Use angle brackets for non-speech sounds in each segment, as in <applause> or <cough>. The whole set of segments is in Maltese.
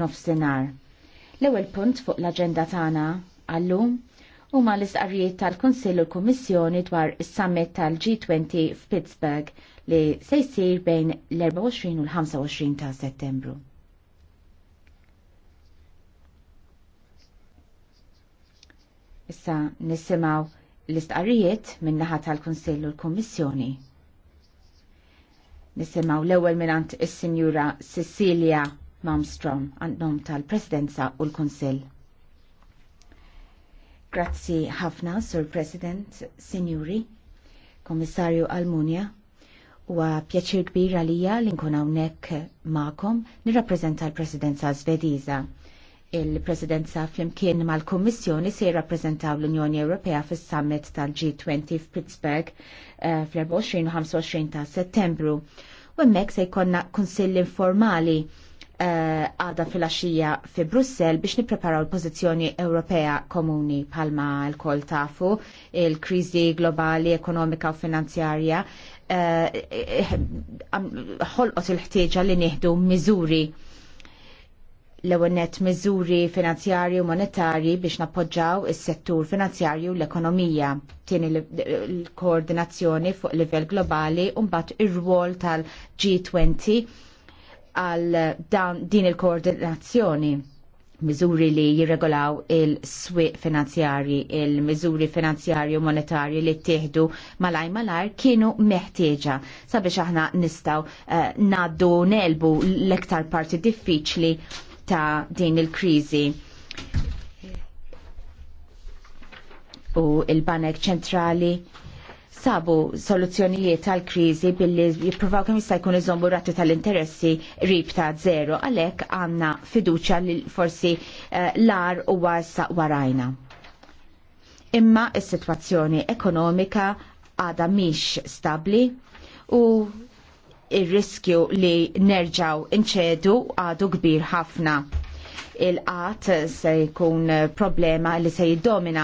nofsinar. L-ewel punt fuq l-agenda tagħna għallum huma l-istqarrijiet tal-Kunsill u l-Kummissjoni dwar is-summit tal-G20 f'Pittsburgh li se jsir bejn l-24 u l-25 ta' Settembru. Issa nisimaw l-istqarrijiet min-naħa tal-Kunsill u l-Kummissjoni. Nisimaw l-ewwel minant is-Sinjura Cecilia Malmstrom għandhom tal-Presidenza u l-Konsil. Grazzi ħafna, Sur President, Sinjuri, Komissarju Almunia. huwa pjaċir kbir għalija li nkun hawnhekk magħkom nirrappreżenta l-Presidenza Svediża. Il-Presidenza flimkien mal-Kommissjoni se jirrappreżentaw l-Unjoni Ewropea fis-Summit tal-G20 f'Pittsburgh eh, fl-24 u 25 ta' Settembru. U hemmhekk se jkollna kunsill informali Eh, għada uh, fil-axija fi Brussel biex nipreparaw l-pozizjoni Ewropea komuni palma l-kol tafu il-krizi globali, ekonomika u finanzjarja eh, eh, ħolqot uh, il-ħtieġa li nieħdu miżuri l-ewenet miżuri finanzjarji u monetarji biex nappoġġaw is-settur finanzjarju u l-ekonomija. Tieni l-koordinazzjoni fuq livell globali u mbagħad ir-rwol tal-G20 għal dan din il-koordinazzjoni miżuri li jirregolaw il-swiq finanzjarji, il-miżuri finanzjarji u monetarji li ttieħdu malaj malajr kienu meħtieġa sabiex aħna nistaw uh, naddu nelbu l-iktar parti diffiċli ta' din il-krizi. U il-Banek ċentrali sabu soluzzjonijiet tal kriżi billi jippruvaw kemm jista' jkun iżommu rati tal-interessi rib ta' zero għalhekk għandna fiduċja li forsi l eh, lar huwa saq warajna. Imma is-sitwazzjoni ekonomika għada mhix stabbli u ir-riskju li nerġaw inċedu għadu kbir ħafna il-qat se jkun problema li se jiddomina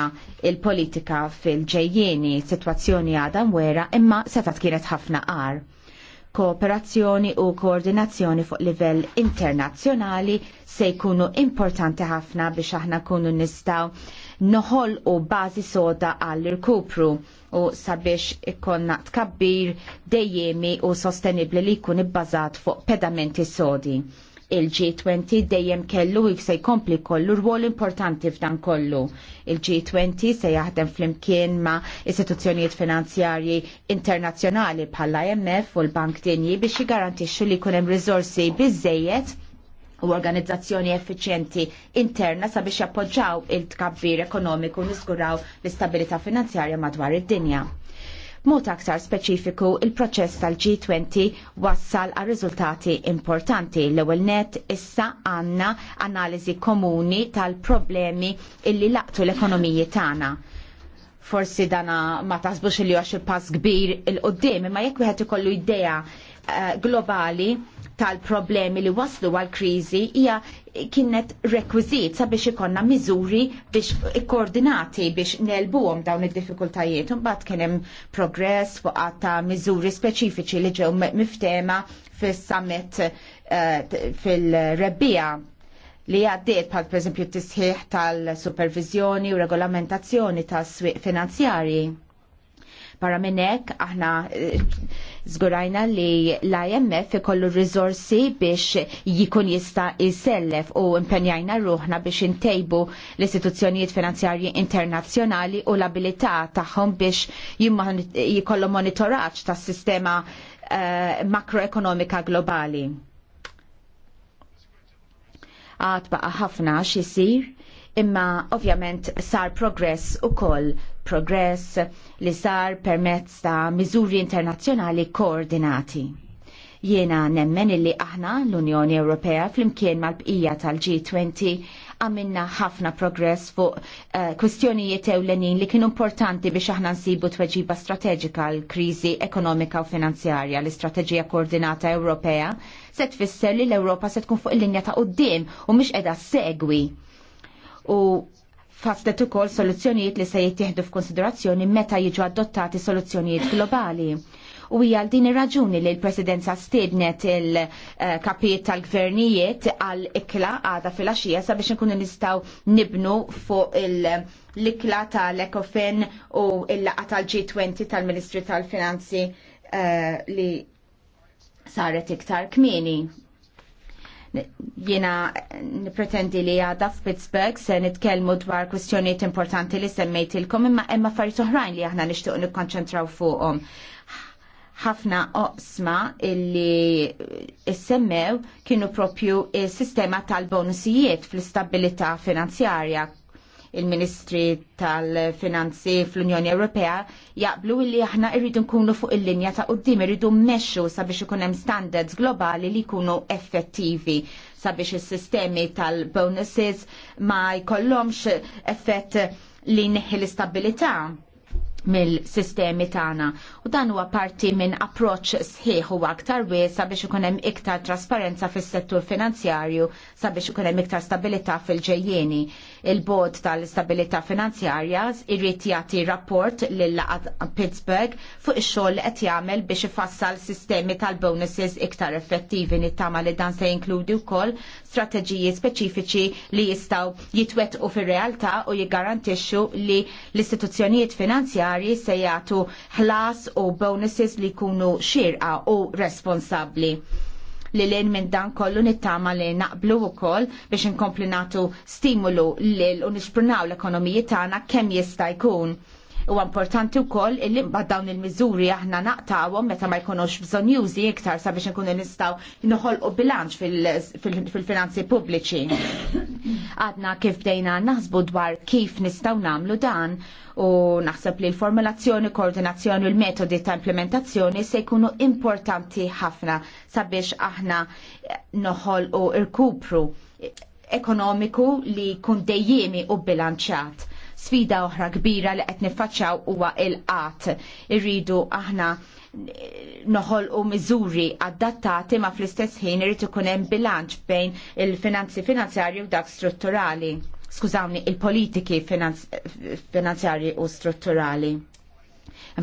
il-politika fil-ġejjieni situazzjoni għadha mwera imma ta' tkienet ħafna qar kooperazzjoni u koordinazzjoni fuq livell internazzjonali se jkunu importanti ħafna biex aħna kunu nistaw noħol u bazi soda għall-irkupru u sabiex ikkonna tkabbir dejjemi u sostenibli li jkun ibbażat fuq pedamenti sodi. Il-G20 dejjem kellu jif se jkompli kollu rwol importanti f'dan kollu. Il-G20 se jaħdem flimkien ma' istituzzjonijiet finanzjarji internazzjonali bħalla IMF u l-Bank Dinji biex jgarantixxu li jkun hemm riżorsi biżejjed u organizzazzjoni effiċjenti interna sabiex jappoġġaw il-tkabbir ekonomiku u niskuraw l-istabilità finanzjarja madwar id-dinja b'mod aktar speċifiku il-proċess tal-G20 wassal għal riżultati importanti l ewwel net issa għanna analiżi komuni tal-problemi illi laqtu l-ekonomiji tagħna. Forsi dana ma tasbux li għax il-pass kbir il-qoddim, imma jekk wieħed ikollu idea Eh, globali tal-problemi li waslu għal-krizi hija kienet rekwizit sabiex ikonna miżuri biex koordinati biex nelbuhom dawn id-diffikultajiet. Imbagħad kien hemm progress waqgħat ta' miżuri speċifiċi li ġew miftema fis-summit eh, fil-rebbija li għaddiet bħal pereżempju t-tisħiħ tal-supervizjoni u regolamentazzjoni tas-swieq finanzjarji. Barra minnek aħna eh, Zgurajna li l-IMF ikollu rizorsi biex jikun jista jsellef u impenjajna ruħna biex intejbu l-istituzzjonijiet finanzjarji internazzjonali u l-abilità tagħhom biex jikollu monitoraġġ tas-sistema uh, eh, makroekonomika globali. Għad baqa ħafna x'isir imma ovvjament sar progress ukoll progress li sar permezz ta' miżuri internazzjonali koordinati. Jiena nemmen illi aħna l-Unjoni Ewropea flimkien mal-bqija tal-G20 għamilna ħafna progress fuq eh, kwistjonijiet uh, ewlenin li kienu importanti biex aħna nsibu tweġiba strateġika l kriżi ekonomika u finanzjarja l-istrateġija koordinata Ewropea se tfisser li l-Ewropa se tkun fuq il-linja ta' qoddim u mhix qiegħda segwi u faslet ukoll soluzzjonijiet li se jittieħdu f'konsiderazzjoni meta jiġu adottati soluzzjonijiet globali. U hija għal din ir-raġuni li l-Presidenza stednet il-kapijiet tal-gvernijiet għal ikla għada fil-axija sabiex nkunu nistaw nibnu fuq l-ikla tal-Ekofin u l-laqa tal-G20 tal-Ministri tal-Finanzi eh, li saret iktar kmini Jena nipretendi li għada Pittsburgh se nitkelmu dwar kwestjoniet importanti li semmejtilkom imma emma affarijiet oħrajn li aħna nixtieq nikkonċentraw fuqhom ħafna oqsma illi semmew kienu propju il-sistema tal-bonusijiet fl-istabilita finanzjarja il-Ministri tal-Finanzi fl-Unjoni Ewropea jaqblu li aħna irridu nkunu fuq il-linja ta' qoddim irridu mmexxu sabiex ikun hemm standards globali li jkunu effettivi sabiex is-sistemi tal-bonuses ma jkollhomx effett li neħi l-istabilità mill-sistemi tagħna. U dan huwa parti minn approċċ sħiħ u aktar wiesa biex ikun hemm iktar trasparenza fis-settur finanzjarju sabiex ikun hemm iktar stabilità fil-ġejjieni. Il-bod tal-istabilità finanzjarja jrid jagħti rapport lil laqat Pittsburgh fuq ix-xogħol li qed jagħmel biex ifassal sistemi tal-bonuses iktar effettivi nittama li dan se jinkludi wkoll strateġiji speċifiċi li jistgħu jitwettqu fir-realtà u jiggarantixxu li l-istituzzjonijiet finanzjarji se jagħtu ħlas u bonuses li jkunu xirqa u responsabbli li l minn dan kollu nittama li naqblu u koll biex inkompli stimulu l nisprunaw l-ekonomiji tagħna kemm jista' jkun U importanti u koll illi bad dawn il-mizuri aħna naqtawom meta ma jkunux bżon jużi iktar sabiex nkunu nistaw nħol u bilanċ fil-finanzi pubbliċi. Għadna kif bdejna naħsbu dwar kif nistaw namlu dan u naħseb li l-formulazzjoni, koordinazzjoni u l-metodi ta' implementazzjoni se jkunu importanti ħafna sabiex aħna noħol u irkupru ekonomiku li kun dejjemi u bilanċat Sfida oħra kbira li qed niffaċċjaw huwa il qat Irridu aħna noħol u miżuri adattati ma fl-istess ħin irid ikun hemm bilanċ bejn il-finanzi finanzjarji u dak strutturali. Skużawni, il-politiki finanzjarji u strutturali.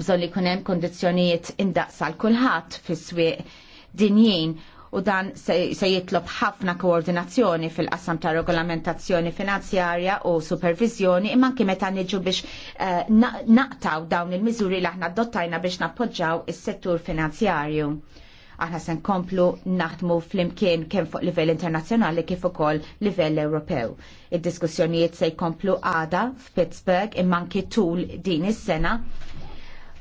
Bżon li jkun hemm kundizzjonijiet indaqsa l kulħadd fis-swieq dinjin u dan se jitlob ħafna koordinazzjoni fil-qassam ta' regolamentazzjoni finanzjarja u supervizjoni imma anki meta niġu biex eh, naqtaw dawn il-miżuri li aħna adottajna biex nappoġġaw is-settur finanzjarju aħna se nkomplu naħdmu flimkien kemm fuq livell internazzjonali kif ukoll livell Ewropew. Id-diskussjonijiet se jkomplu għada f'Pittsburgh imma anki tul din is-sena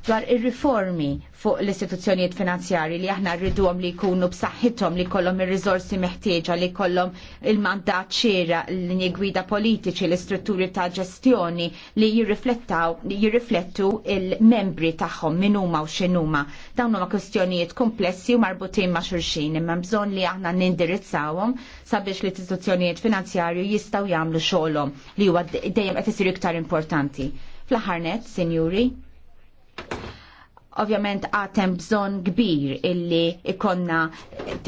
dwar ir-riformi fuq l-istituzzjonijiet finanzjarji li aħna rridhom li jkunu b'saħħithom li jkollhom ir-riżorsi meħtieġa li jkollhom il-mandat ċera l gwida politiċi l-istrutturi ta' ġestjoni li jirriflettaw li jirriflettu il-membri tagħhom min huma u huma. Dawn huma kwestjonijiet komplessi u marbutin ma' xulxin imma bżonn li aħna nindirizzawhom sabiex l-istituzzjonijiet finanzjarji jistgħu jagħmlu xogħolhom li huwa dejjem qed iktar importanti. Fl-aħħar sinjuri, Ovvjament għatem bżon kbir illi ikonna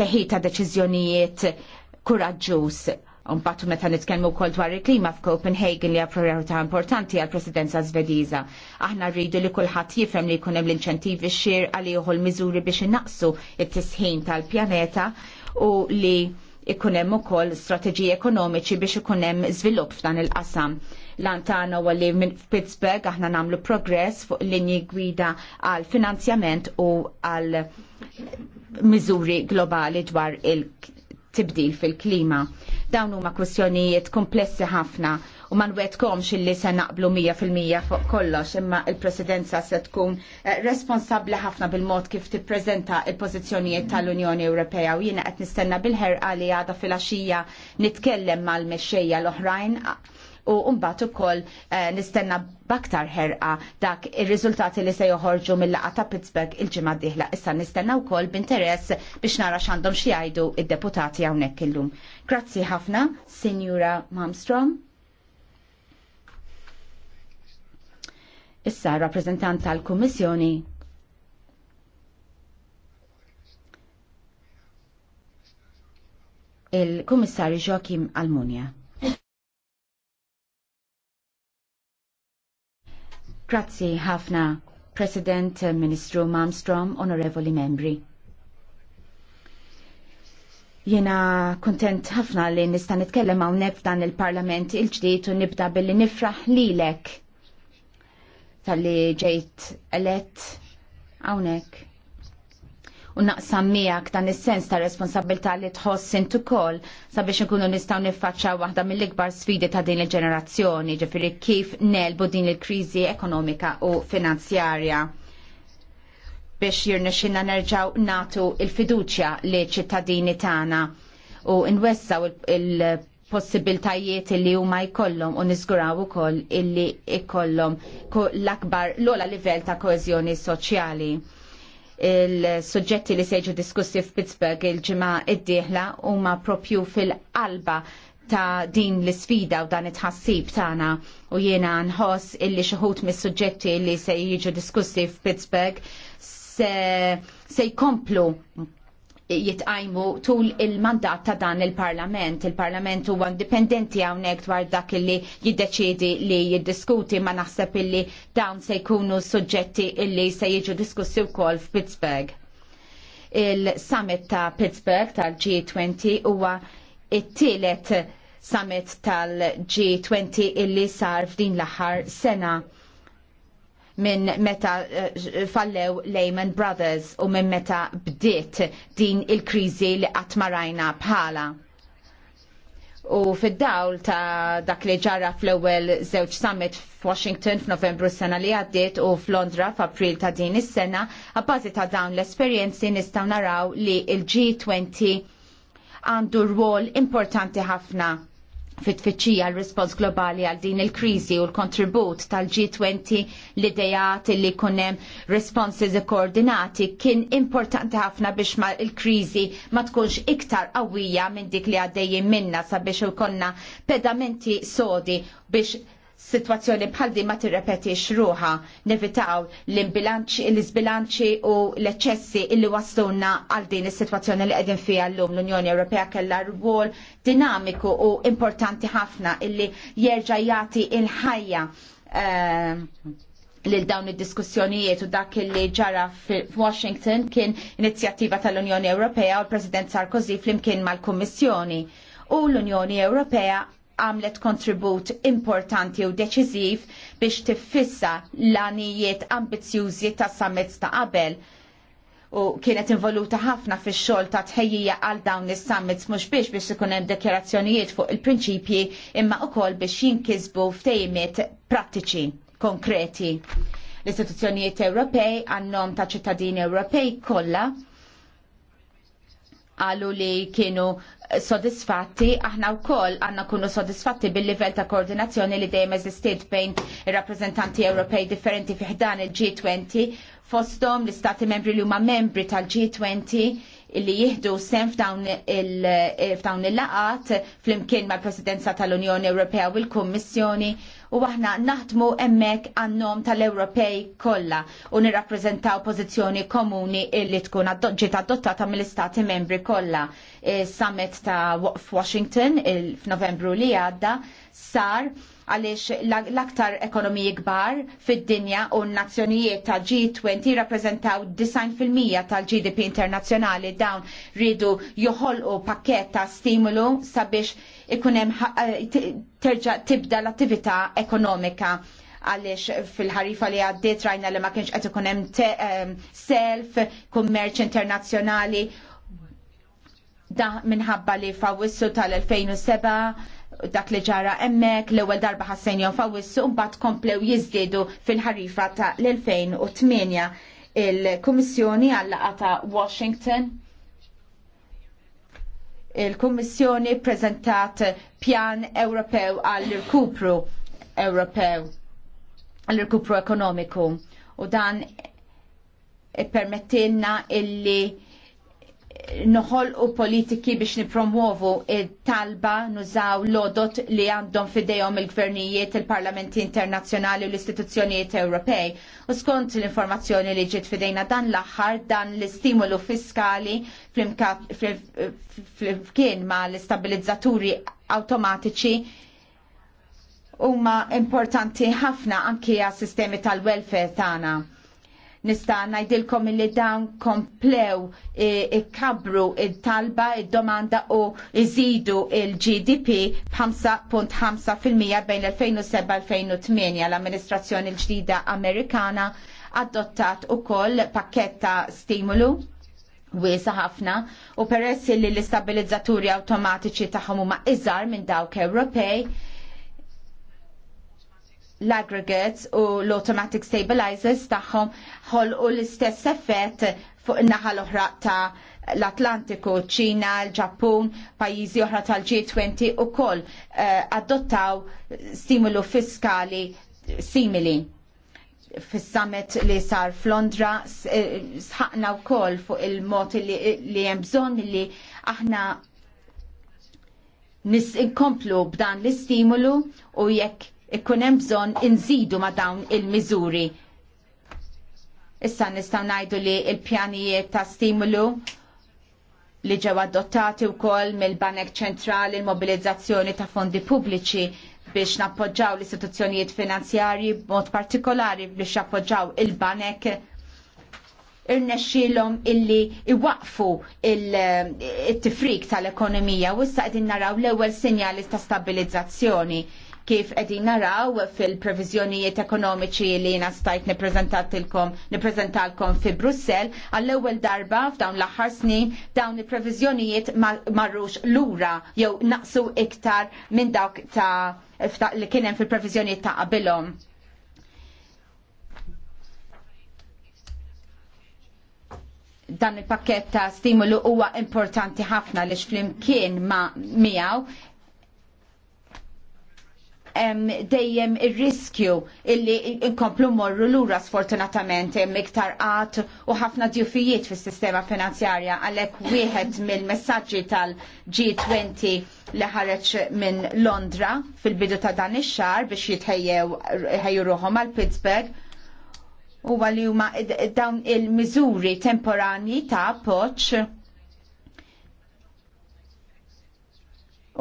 teħita deċiżjonijiet kuraġġuż patu meta nitkellmu wkoll dwar il-klima f'Copenhagen li hija priorità importanti għall presidenza Svediża. Aħna rridu li kulħadd jifhem li jkun hemm l-inċentivi xxir għal jieħu l-miżuri biex innaqsu it-tisħin tal-pjaneta u li ikun hemm ukoll strateġiji ekonomiċi biex ikun hemm żvilupp f'dan il-qasam Lantana u li minn Pittsburgh aħna namlu progress fuq linji gwida għal finanzjament u għal miżuri globali dwar il-tibdil fil-klima. Dawn huma kwestjonijiet komplessi ħafna u ma nwetkomx illi se naqblu 100% fuq kollox imma il-presidenza se tkun eh, responsabli ħafna bil-mod kif tippreżenta il-pożizzjonijiet tal-Unjoni Ewropea u jiena qed nistenna bil-ħerqa li għada fil axija nitkellem mal-mexxejja l-oħrajn u mbagħad ukoll eh, nistenna baktar ħerqa dak ir-riżultati li se joħorġu mill-laqa ta' Pittsburgh il-ġimgħa d Issa nistenna wkoll b'interess biex nara x'għandhom xi jgħidu id-deputati hawnhekk illum. Grazzi ħafna, Sinjura Malmstrom. Issa rappreżentant tal-Kummissjoni il-Kummissarju Joachim Almunia. Grazzi ħafna, President Ministru Malmstrom, onorevoli membri. Jena kontent ħafna li nista' nitkellem hawnhekk f'dan il-Parlament il-ġdid u nibda billi nifraħ lilek tal-li ġejt elett hawnhekk u naqsam miegħek dan is-sens ta' responsabilità li tħoss int ukoll sabiex inkunu nistgħu niffaċċaw waħda mill-ikbar sfidi ta' din il-ġenerazzjoni, ġifieri kif nelbu din il-kriżi ekonomika u finanzjarja biex jirnexxinna nerġaw natu il-fiduċja li ċittadini tagħna u nwessaw il- possibiltajiet li huma jkollhom u niżguraw ukoll illi jkollhom l-akbar l ogħla livell ta' koeżjoni soċjali il suġġetti li seġu diskussi f'Pittsburgh il-ġimgħa id-dieħla huma propju fil-qalba ta' din l isfida u dan it-ħassib tagħna u jiena nħoss illi xi ħut mis-suġġetti li se jiġu diskussi f'Pittsburgh se, se jkomplu jitqajmu tul il-mandat ta' dan il-parlament. Il-parlament huwa indipendenti hawnhekk dwar dak illi jiddeċiedi li jiddiskuti ma naħseb illi dawn se jkunu suġġetti illi se jiġu diskussi wkoll f'Pittsburgh. Il-summit ta' Pittsburgh tal-G20 huwa it-tielet summit tal-G20 illi sar f'din l-aħħar sena minn meta eh, fallew Lehman Brothers u minn meta bdiet din il-kriżi li qatt ma rajna bħala. U fid-dawl ta' dak li ġara fl-ewwel żewġ summit f'Washington f'Novembru s-sena li għaddiet u f'Londra f'April ta' din is-sena, għabbażi ta' dawn l-esperjenzi nistgħu naraw li l g 20 għandu rwol importanti ħafna fit-tfittxija l-respons globali għal din il-krizi u l-kontribut tal-G20 l-idejat li kunem responses koordinati kien importanti ħafna biex ma il-krizi ma tkunx iktar qawwija minn dik li għaddejjim minna sabiex konna pedamenti sodi biex situazzjoni bħal di ma tirrepetix ruha nevitaw l-izbilanċi u l-eċessi illi wasluna għal din is-sitwazzjoni li qegħdin fiha llum l-Unjoni Ewropea kellha rwol dinamiku u importanti ħafna illi jerġa' jagħti il-ħajja eh, lil dawn id-diskussjonijiet u dak li ġara f'Washington kien inizjattiva tal-Unjoni Ewropea u l-President Sarkozy flimkien mal-Kummissjoni u l-Unjoni Ewropea għamlet kontribut importanti u deċiżiv biex tiffissa l-anijiet ambizjużi ta' summits ta' qabel u kienet involuta ħafna fix xogħol ta' tħejjija għal dawn is-summits mhux biex biex ikun hemm dekjarazzjonijiet fuq il-prinċipji imma wkoll biex jinkisbu ftejmiet prattiċi konkreti. L-istituzzjonijiet Ewropej għannom ta' ċittadini Ewropej kollha għalu li kienu sodisfatti, aħna wkoll għandna kunu sodisfatti bil-livell ta' koordinazzjoni li dejjem eżistiet bejn ir-rappreżentanti Ewropej differenti fih dan il-G20 fosthom l-istati membri li huma membri tal-G20 li jihdu sem eh, f'dawn il-laqat fl-imkien mal-Presidenza tal-Unjoni Ewropea u l-Kummissjoni u aħna naħdmu emmek għannom tal-Ewropej kollha u nirrappreżentaw pożizzjoni komuni illi tkun ġiet adottata mill-istati membri kollha. Summit ta' Washington f'Novembru li għadda sar għaliex l-aktar ekonomiji kbar fid-dinja u n-nazzjonijiet tal G20 rappresentaw 90% tal-GDP internazzjonali dawn ridu joħolqu pakket ta' stimulu sabiex ikunem eh, terġa tibda l-attività ekonomika għaliex fil-ħarifa li għaddiet rajna li ma kienx qed ikun hemm eh, self, kummerċ internazzjonali da minħabba li fawissu tal-2007 dak li ġara emmek l-ewwel darba ħassenjom fawissu mbagħad komplew jiżdiedu fil-ħarifa ta' l-2008 il-Kummissjoni għallaqa ta' Washington il-Kummissjoni prezentat pjan Ewropew għall-irkupru Ewropew għall-irkupru ekonomiku u dan permettilna illi noħol u politiki biex nipromuovu talba nużaw lodot li għandhom fidejhom il-gvernijiet, il-parlamenti internazzjonali u l-istituzzjonijiet Ewropej. U skont l-informazzjoni li ġiet fidejna dan l-aħħar dan l-istimulu fiskali flimkien ma l-istabilizzaturi automatiċi huma importanti ħafna anki għas sistemi tal-welfare tagħna Nista' ngħidilkom li dawn komplew ikkabru il-talba, id-domanda u iżidu il-GDP b'5.5% bejn l-2007-2008 l-amministrazzjoni l-ġdida Amerikana adottat ukoll pakketta stimulu wiesa ħafna u peress li l-istabilizzaturi awtomatiċi tagħhom huma iżgħar minn dawk Ewropej l-aggregates u l-automatic stabilizers tagħhom ħolqu l-istess effett fuq in-naħa l-oħra ta' l-Atlantiku, ċina, l-Ġappun, pajjiżi oħra tal-G20 u koll eh, adottaw stimulu fiskali simili. Fis-summit li sar f'Londra sħaqna wkoll fuq il-mod li hemm bżonn li aħna nis inkomplu b'dan l-istimulu u jekk ikkun hemm bżonn inżidu ma' dawn il-miżuri. Issa nistgħu ngħidu li l-pjanijiet ta' stimulu li ġew adottati wkoll mill-Banek Ċentrali l-mobilizzazzjoni ta' fondi pubbliċi biex nappoġġaw l-istituzzjonijiet finanzjarji b'mod partikolari biex jappoġġaw il-banek irnexxilhom illi iwaqfu il-tifrik tal-ekonomija u issa qegħdin naraw l-ewwel sinjali ta' stabilizzazzjoni kif qegħdin naraw fil-previżjonijiet ekonomiċi li jina stajt nippreżentatilkom fi Brussell għall-ewwel darba f'dawn l-aħħar snin dawn il-previżjonijiet marrux lura jew naqsu iktar minn dawk ta' li kien hemm fil-previżjonijiet ta' qabilhom. dan il-pakket ta' stimulu huwa importanti ħafna li xflimkien ma' miegħu dejjem ir-riskju illi inkomplu morru lura sfortunatament hemm iktar qatt u ħafna djufijiet fis-sistema finanzjarja għalhekk wieħed mill-messaġġi tal-G20 li ħareġ minn Londra fil-bidu ta' dan ix-xahar biex jitħejjew ruhom għal Pittsburgh huwa li huma dawn il-miżuri temporani ta' poċ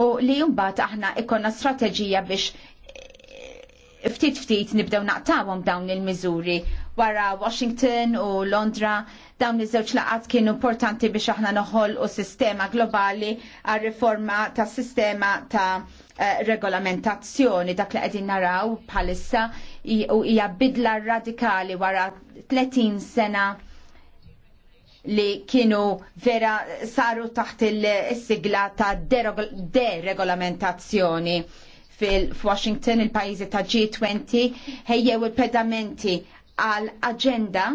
u li jumbat aħna ikonna strateġija biex ftit ftit nibdew naqtawhom dawn il-miżuri wara Washington u Londra dawn iż-żewġ laqat kienu importanti biex aħna noħol u sistema globali għal riforma ta' sistema ta' eh, regolamentazzjoni dak li qegħdin naraw bħalissa u hija bidla radikali wara 30 sena li kienu vera saru taħt il-sigla ta' deregolamentazzjoni fil-Washington, il-pajizi ta' G20, ħejjew il-pedamenti għal agenda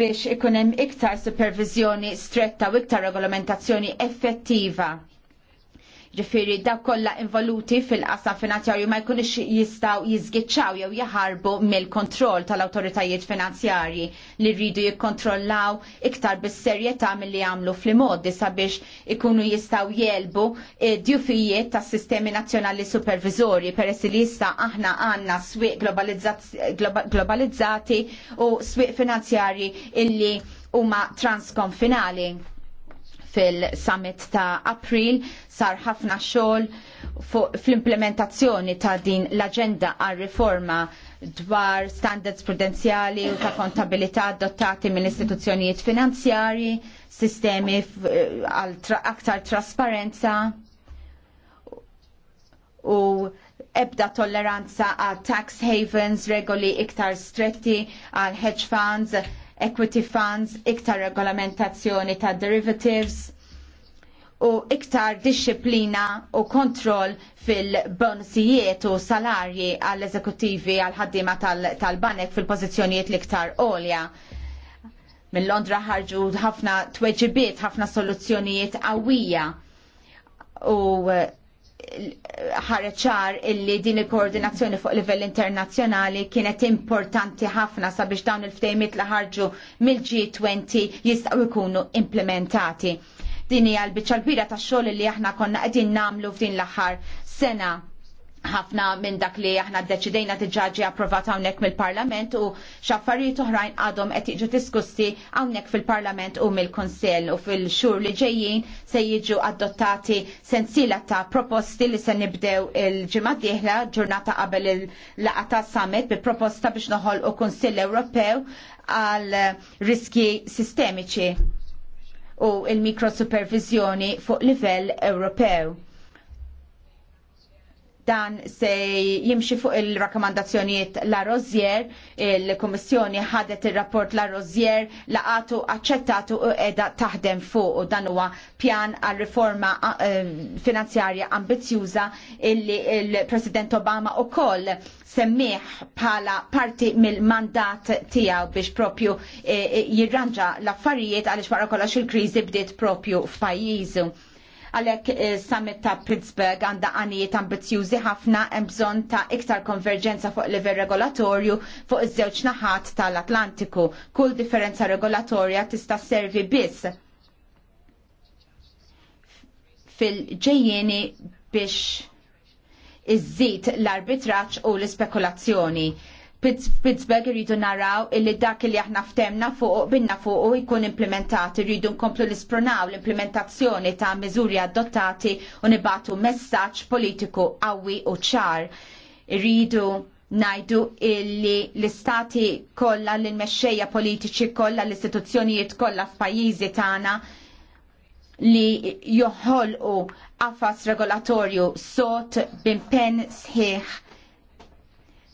biex ikunem iktar supervizjoni stretta u iktar regolamentazzjoni effettiva ġifiri da kolla involuti fil-qasam finanzjarju ma jkunux jistaw jizgitxaw jew jaharbu mill-kontroll tal-autoritajiet finanzjarji li rridu jikkontrollaw iktar bis-serjetà mill-li għamlu fl-modi sabiex ikunu jistaw jelbu eh, djufijiet tas sistemi nazzjonali supervizori peress li jista aħna għanna swieq globalizzati u swieq finanzjarji illi huma transkonfinali fil-summit ta' April sar ħafna xogħol fl-implementazzjoni ta' din l-aġenda għal riforma dwar standards prudenzjali u ta' kontabilità adottati mill istituzzjonijiet finanzjarji, sistemi għal aktar trasparenza u ebda tolleranza għal tax havens, regoli iktar stretti għal hedge funds, equity funds, iktar regolamentazzjoni ta' derivatives u iktar disciplina u kontroll fil-bonusijiet u salarji għall-eżekutivi għall-ħaddima tal-banek fil-pozizjonijiet liktar olja. Mill Londra ħarġu ħafna tweġibiet, ħafna soluzzjonijiet qawwija u ħareċar illi din il-koordinazzjoni fuq livell internazzjonali kienet importanti ħafna sabiex dawn il-ftejmiet li ħarġu mill-G20 jistgħu jkunu implementati. Din hija l bira kbira tax-xogħol li aħna konna qegħdin nagħmlu f'din l-aħħar sena ħafna minn dak li aħna deċidejna t-ġaġi approvat hawnhekk mill-Parlament u xaffarijiet oħrajn għadhom qed jiġu diskussi hawnhekk fil-Parlament u mill-Kunsell u fil-xhur li ġejjin se jiġu adottati sensiela ta' proposti li se nibdew il-ġimgħa dieħla ġurnata qabel il-laqgħa ta' summit bi proposta biex noħolqu Kunsill Ewropew għal riski sistemiċi u il-mikrosupervizjoni fuq livell Ewropew dan se jimxi fuq il-rakkomandazzjonijiet la Rozier, il-Kommissjoni ħadet il-rapport la Rozier laqatu accettatu u edha taħdem fuq u dan huwa pjan għal riforma eh, finanzjarja ambizjuża illi il-President Obama u koll semmiħ bħala parti mill-mandat tijaw biex propju eh, jirranġa l-affarijiet għalix wara kollox il-krizi bdiet propju f'pajjiżu Għalhekk is-summit eh, ta' Pittsburgh għandha għanijiet ambizjużi ħafna hemm bżonn ta' iktar konverġenza fuq livell regolatorju fuq iż-żewġ naħat tal-Atlantiku. Kull differenza regolatorja tista' servi biss fil-ġejjeni biex iż-żid l-arbitraċ u l-ispekulazzjoni Pittsburgh irridu naraw illi dak li aħna ftemna fuq binna fuq u jkun implementat, irridu nkomplu nispronaw l-implementazzjoni ta' miżuri adottati u nibatu messaġġ politiku qawwi u ċar. Irridu najdu illi l-istati kollha l-mexxejja politiċi kollha l-istituzzjonijiet kollha f'pajjiżi tagħna li joħolqu qafas regolatorju sot b'impenn sħiħ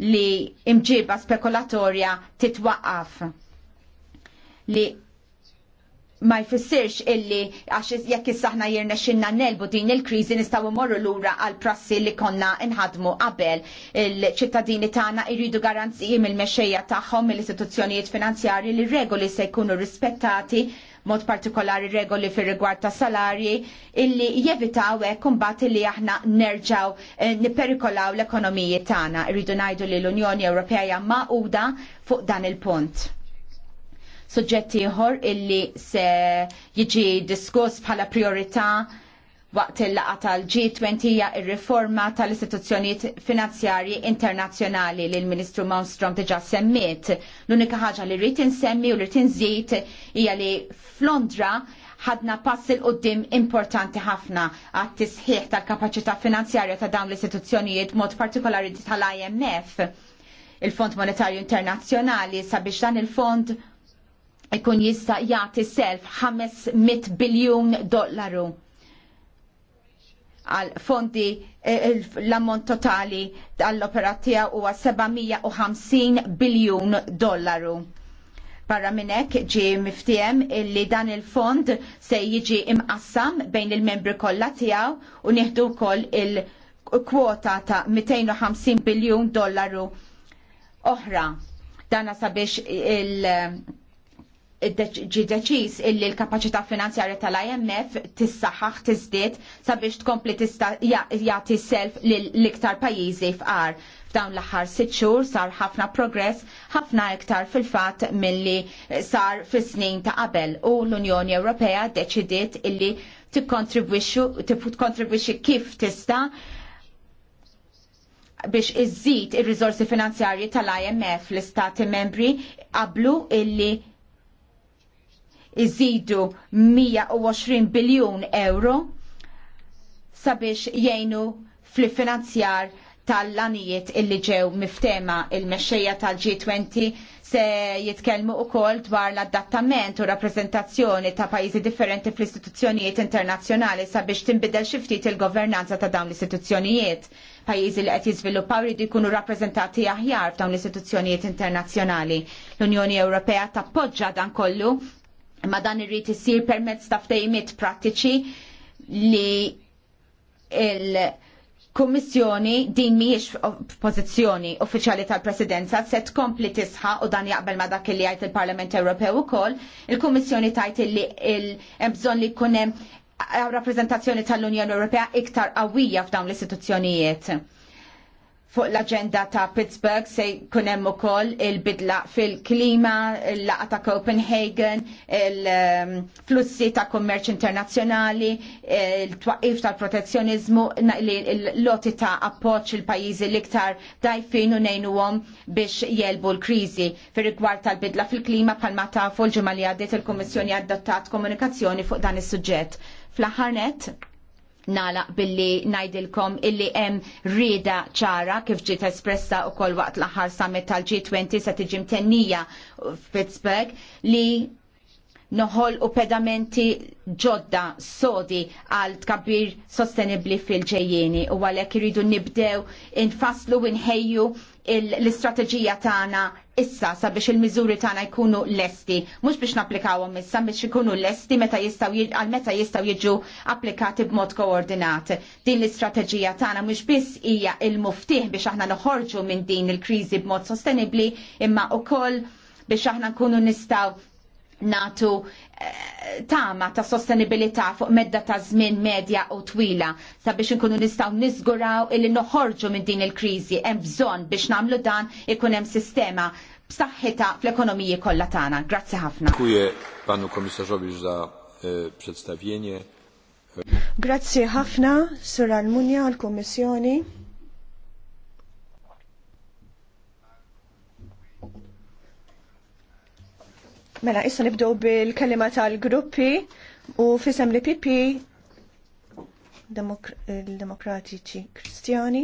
li imġiba spekulatorja titwaqqaf li ma jfissirx illi għax jekk issaħna jirna xinna nelbu din il-krizi nistaw morru lura għal prassi li konna nħadmu qabel il-ċittadini tagħna jridu garanziji mill-mexxejja tagħhom mill-istituzzjonijiet finanzjarji li regoli se jkunu rispettati mod partikolari regoli fir rigward ta' salarji illi jevitaw hekk imbagħad illi aħna nerġa'w eh, nipperikolaw l-ekonomiji tagħna. Rridu ngħidu li l-Unjoni Ewropea hija uda fuq dan il-punt suġġetti ieħor illi se jiġi diskuss bħala priorità waqt il-laqa tal-G20 hija ir-riforma tal-istituzzjonijiet finanzjarji internazzjonali li l-Ministru Malmstrom diġà semmiet. L-unika ħaġa li rrid insemmi u li rrid inżid hija li f'Londra ħadna pass il qoddim importanti ħafna għat tisħiħ tal-kapacità finanzjarja ta' dawn l-istituzzjonijiet mod partikolari tal-IMF il-Fond Monetarju Internazzjonali sabiex dan il-fond ikun jista' jagħti self 500 biljun dollaru għal fondi eh, l-ammont totali għall-operatija huwa 750 biljun dollaru. Barra minnek ġi miftijem illi dan il-fond se jiġi imqassam bejn il-membri kollha tiegħu u nieħdu wkoll il-kwota ta' 250 biljun dollaru oħra. Dana sabiex il- ġi deċiż illi l-kapaċità finanzjarja tal-IMF tissaħħaħ tiżdied sabiex tkompli tista' jagħti self l-iktar pajjiżi f'qar. F'dawn l-aħħar sitt xhur sar ħafna progress, ħafna iktar fil-fatt milli sar fis-snin ta' qabel u l-Unjoni Ewropea deċidiet illi tikkontribwixxi kif tista' biex iżżid ir-riżorsi finanzjarji tal-IMF l-istati membri qablu illi iżidu 120 biljun euro sabiex jgħinu fil-finanzjar tal-lanijiet illi ġew miftema il-mexxejja tal-G20 se jitkellmu wkoll dwar l-adattament u rappreżentazzjoni ta' pajjiżi differenti fl-istituzzjonijiet internazzjonali sabiex tinbidel xi ftit il-governanza ta' dawn l-istituzzjonijiet. Pajjiżi li qed jiżviluppaw jridu jkunu rappreżentati aħjar f'dawn l-istituzzjonijiet internazzjonali. L-Unjoni Ewropea tappoġġa dan kollu Ma dan irrid isir permezz ta' ftejmiet prattiċi li il- Kummissjoni din miex pożizzjoni uffiċjali tal-Presidenza se tkompli tisħa u dan jaqbel ma dak li jgħid il-Parlament Ewropew ukoll, il-Kummissjoni tajt li hemm bżonn li jkun hemm rappreżentazzjoni tal-Unjoni Ewropea iktar qawwija f'dawn l-istituzzjonijiet fuq l-agenda ta' Pittsburgh se jkun hemm ukoll il-bidla fil-klima, il-laqa ta' Copenhagen, il-flussi ta' kummerċ internazzjonali, il-twaqif tal-protezzjonizmu, il-loti ta' appoġġ il-pajjiżi l-iktar dajfin u ngħinuhom biex jelbu l-kriżi. Fir-rigward tal-bidla fil-klima bħalma ta' l-ġimgħa li għaddiet il-Kummissjoni adottat komunikazzjoni fuq dan is-suġġett. Fl-aħħar nala billi najdilkom illi hemm rida ċara kif ġiet espressa u kol waqt l-aħħar summit tal-G20 se tiġi mtennija f'Pittsburgh li noħol u pedamenti ġodda sodi għal tkabbir sostenibli fil-ġejjeni u għalhekk iridu nibdew infaslu u nħejju l-istrateġija tagħna issa sabiex il-miżuri tagħna jkunu lesti, mhux biex napplikawhom issa biex ikunu lesti meta jistgħu għal meta jistgħu jiġu applikati b'mod koordinat. Din l-istrateġija tagħna mhux biss hija l muftih biex aħna noħorġu minn din il-kriżi b'mod sostenibbli imma wkoll biex aħna nkunu nistgħu natu eh, tama ta' sostenibilità fuq medda ta' żmien medja u twila sabiex inkunu nistgħu niżguraw illi noħorġu minn din il-kriżi hemm bżonn biex nagħmlu dan ikun hemm sistema b'saħħitha fl-ekonomiji kollha tagħna. Grazzi ħafna. Dziękuję panu komisarzowi za e, przedstawienie. Grazzi ħafna, Sur Almunja, għall-Kummissjoni. Mela, issa nibdow bil kellima tal-gruppi u fisem li pipi il demokratiċi kristjani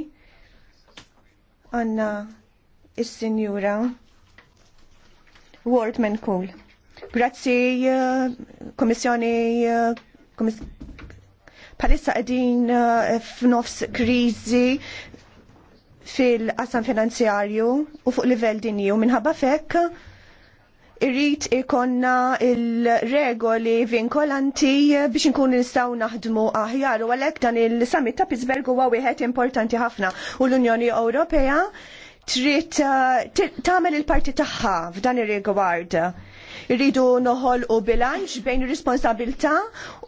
għanna il-sinjura Ward Menkull. Grazzi eh, komissjoni eh, palissa għedin eh, f'nofs krizi fil-qasam finanzjarju u fuq livell dinju minħabba fekk irrit ikonna il-regoli vinkolanti biex nkun nistaw naħdmu aħjar u għalek dan il-summit ta' Pittsburgh huwa wieħed importanti ħafna u l-Unjoni Ewropea trid uh, tagħmel il-parti tagħha f'dan ir-rigward. Irridu noħol u bilanċ bejn ir-responsabilità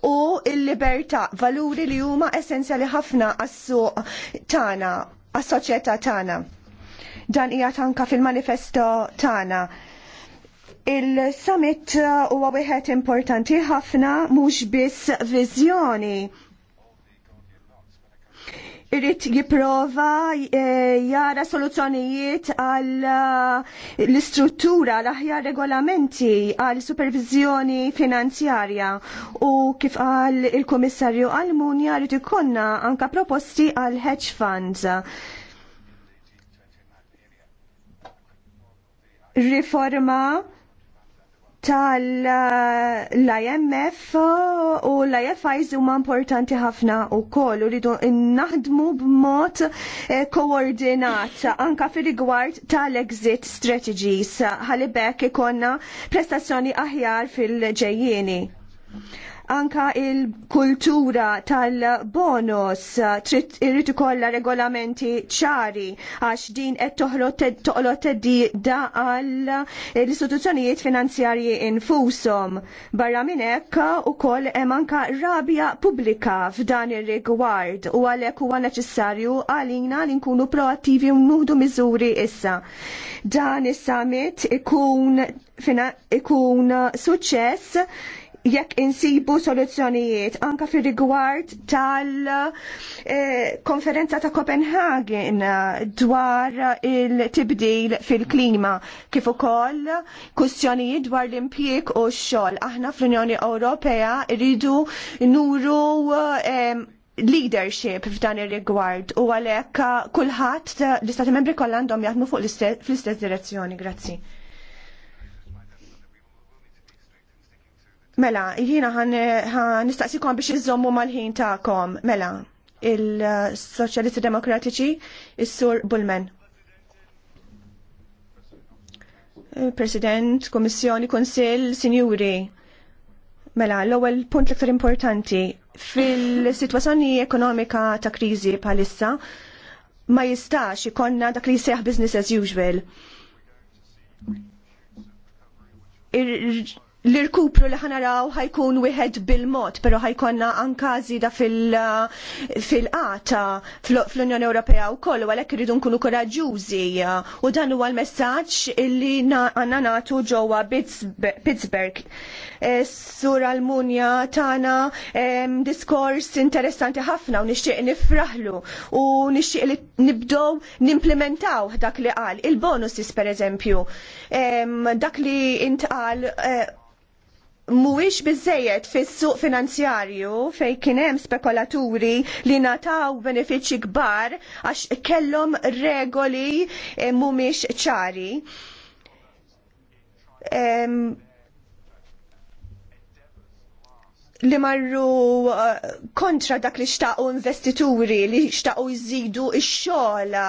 u l-libertà, valuri li huma essenzjali ħafna għas-suq tagħna, għas-soċjetà tagħna. Dan hija tanka fil-manifesto tagħna Il-summit huwa wieħed importanti ħafna mhux biss viżjoni. Irid jipprova eh, jara soluzzjonijiet għal eh, l-istruttura l-aħjar regolamenti għal supervizjoni finanzjarja u kif għal il-Komissarju Almunja rrid ikonna anka proposti għal hedge funds. Riforma tal-IMF u l-IFIs huma importanti ħafna u koll u rridu naħdmu b'mod eh, koordinat anka fir rigward tal-exit strategies ħalibek ikonna prestazzjoni aħjar fil-ġejjieni anka il-kultura tal-bonus trid irrid ikollha regolamenti ċari għax din qed toħloq teddida għal l-istituzzjonijiet finanzjarji infushom. Barra minn hekk ukoll hemm anka rabja pubblika f'dan ir-rigward u għalhekk huwa neċessarju għalina li nkunu proattivi u nuħdu miżuri issa. Dan is-summit ikun ikun suċċess jekk insibu soluzzjonijiet anka fir rigward tal-konferenza eh, ta' Copenhagen dwar il-tibdil fil-klima kif ukoll kwistjonijiet dwar l-impjieg u x-xogħol. Aħna fl-Unjoni Ewropea rridu nuru eh, leadership f'dan ir-rigward u għalhekk kulħadd l-istati membri kollha għandhom jaħdmu fuq fl-istess direzzjoni. Grazzi. Mela, jina għan nistaqsikom biex iżommu mal-ħin ta'kom. Mela, il-Soċjalisti Demokratiċi, il-Sur Bullman. President, Komissjoni, Konsil, Sinjuri. Mela, l-ewwel punt l-iktar importanti fil-sitwazzjoni ekonomika ta' kriżi bħalissa ma jistax ikonna dak li jseħ business as usual l-irkupru li ħanaraw ħajkun wieħed bil-mod, pero ħajkonna anka zida uh, fil-qata fl-Unjoni Ewropea u kollu, għalek irridu nkunu koraġużi uh, u dan huwa l-messaġġ illi għandna nagħtu ġowa Pittsburgh. Eh, Sur Almunja tagħna diskors interessanti ħafna u nixtieq nifraħlu u nixtieq li nibdow nimplementaw dak li qal il-bonuses pereżempju. Dak li intqal eh, Mhuwiex biżejjed fis-suq finanzjarju fejn kien hemm spekulaturi li nataw benefiċċji kbar għax kellhom regoli eh, mhumiex ċari. li marru eh, kontra dak li xtaqu investituri li xtaqu jżidu ix-xogħla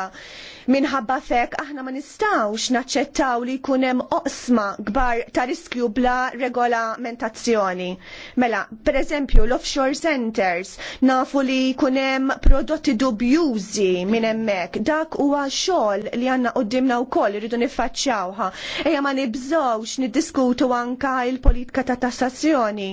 Minħabba fek aħna ma nistawx naċċettaw li jkun hemm oqsma kbar ta' riskju bla regolamentazzjoni. Mela, per eżempju, l-offshore centers nafu li jkun hemm prodotti dubjużi minn hemmhekk. Dak huwa xogħol li għandna qudiemna wkoll irridu niffaċċjawha. Ejja ma nibżgħux niddiskutu anka l politika ta' tassazzjoni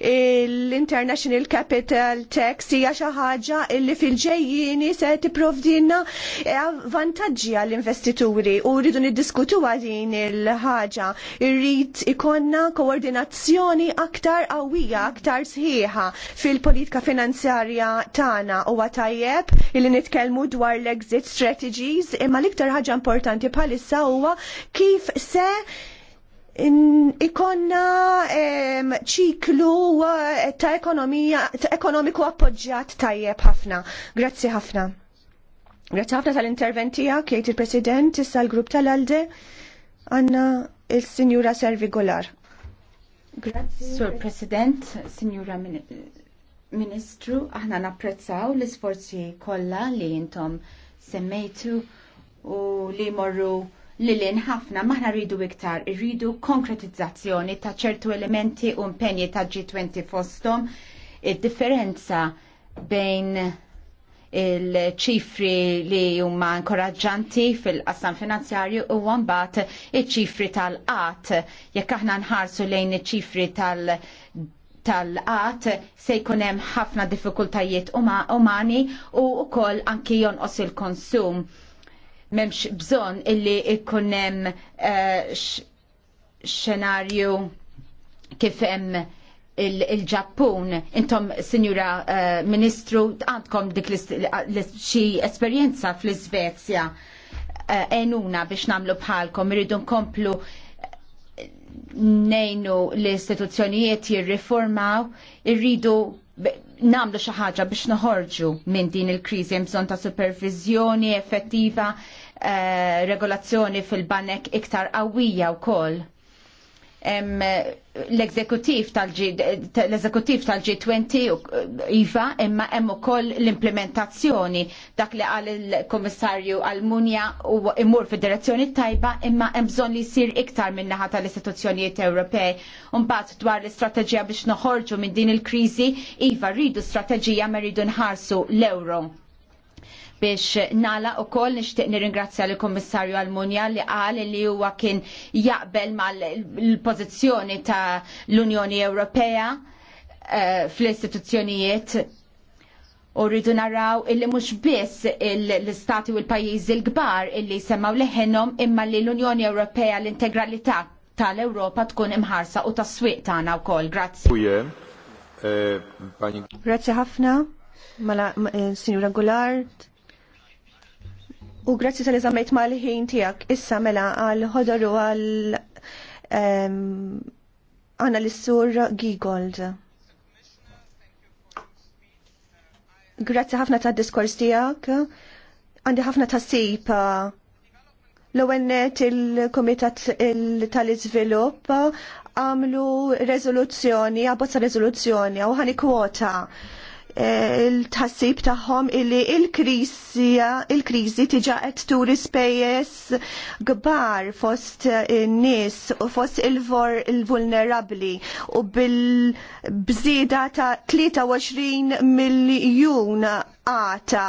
l-International Capital Tax hija xi ħaġa li fil-ġejjieni se tipprovdina e, vantaġġi għall-investituri u rridu niddiskutuha din il-ħaġa. Irrid ikonna koordinazzjoni aktar qawwija, aktar sħiħa fil-politika finanzjarja tagħna huwa tajjeb illi nitkellmu dwar l-exit strategies imma l-iktar ħaġa importanti bħalissa huwa kif se ikonna ċiklu ta' ekonomija, ta' ekonomiku appoġġjat tajjeb ħafna. Grazzi ħafna. Grazzi ħafna tal-interventija, kjejt il-President, issa l-grupp tal-Alde, għanna il-Sinjura Servi Golar. Grazzi. Sur President, Sinjura Ministru, aħna napprezzaw l-isforzi kollha li intom semmejtu u li morru li l ħafna maħna rridu iktar, rridu konkretizzazzjoni ta' ċertu elementi u mpenji ta' G20 fostom, id-differenza bejn il-ċifri li huma inkoraġġanti fil-qassam finanzjarju u mbagħad il ċifri tal-qat. Jekk aħna nħarsu lejn iċ-ċifri tal- tal-qat se jkun hemm ħafna diffikultajiet umani u wkoll anki jonqos il-konsum memx bżon illi ikkunem eh, xenarju kif hemm il-Ġappun, il intom, Sinjura uh, Ministru, għandkom dik xi esperjenza fl-Svezja uh, eh, enuna biex namlu bħalkom, irridu nkomplu nejnu l-istituzzjonijiet jirriformaw, irridu namlu xi ħaġa biex noħorġu minn din il-kriżi hemm bżonn ta' supervizjoni effettiva Eh, regolazzjoni fil-banek iktar qawwija wkoll l-eżekutiv tal-G20 IVA imma hemm ukoll l-implementazzjoni dak li qal il-Kummissarju Almunja u imur fid-direzzjoni tajba imma hemm bżonn li jsir iktar min naħa tal-istituzzjonijiet Ewropej. Mbagħad dwar l-istrateġija biex noħorġu minn din il-kriżi iva rridu strateġija ma rridu nħarsu l-euro biex nala u koll nishtiq nirringrazzja l kommissarju Almunja li qal li huwa kien jaqbel mal-pozizjoni ta' l-Unjoni Ewropea eh, fl-istituzzjonijiet u rridu naraw illi mhux biss l-istati u l-pajjiżi l-kbar illi semmaw leħenhom imma li l-Unjoni Ewropea l-integralità tal-Ewropa tkun imħarsa u tas-swieq tagħna wkoll. Grazzi. Eh, Grazzi ħafna, mala eh, Sinjura Gullard, U grazzi tal eżamejt ma l-ħin tijak, issa mela għal-ħodoru għal għana l-sur Gigold. Grazzi ħafna ta' diskors tijak, għandi ħafna ta' sip eh, l-għennet il-Komitat tal-Izvilup għamlu rezoluzzjoni, għabbozza rezoluzzjoni, għu ħani kwota Eh, il-tħassib tagħhom illi il-kriżi tiġa qed turi spejjes kbar fost in-nies u fost il-vulnerabbli u bil-bżieda ta' 23 miljun għata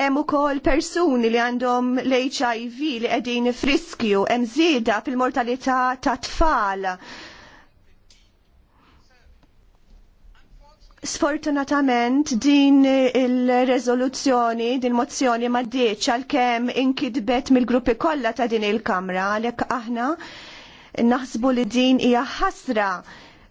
Hemm ukoll persuni li għandhom l-HIV li qegħdin friskju, hemm żieda fil-mortalità ta' tfal. Sfortunatament din il-rezoluzzjoni, din mozzjoni ma ddeċ għalkemm inkidbet mill-gruppi kollha ta' din il-Kamra għalhekk aħna naħsbu li din hija ħasra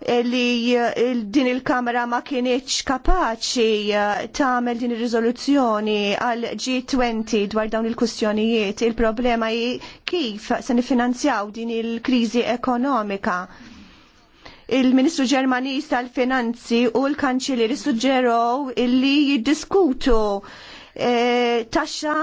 Eh, li eh, din il-Kamra ma kienieċ kapaċi eh, tagħmel din ir-riżoluzzjoni għal G20 dwar dawn il-kustjonijiet. Il-problema hi kif se nifinanzjaw din il-kriżi ekonomika. Il-Ministru Ġermaniż tal-Finanzi u l-Kanċileri suġġerow illi jiddiskutu e, taxxa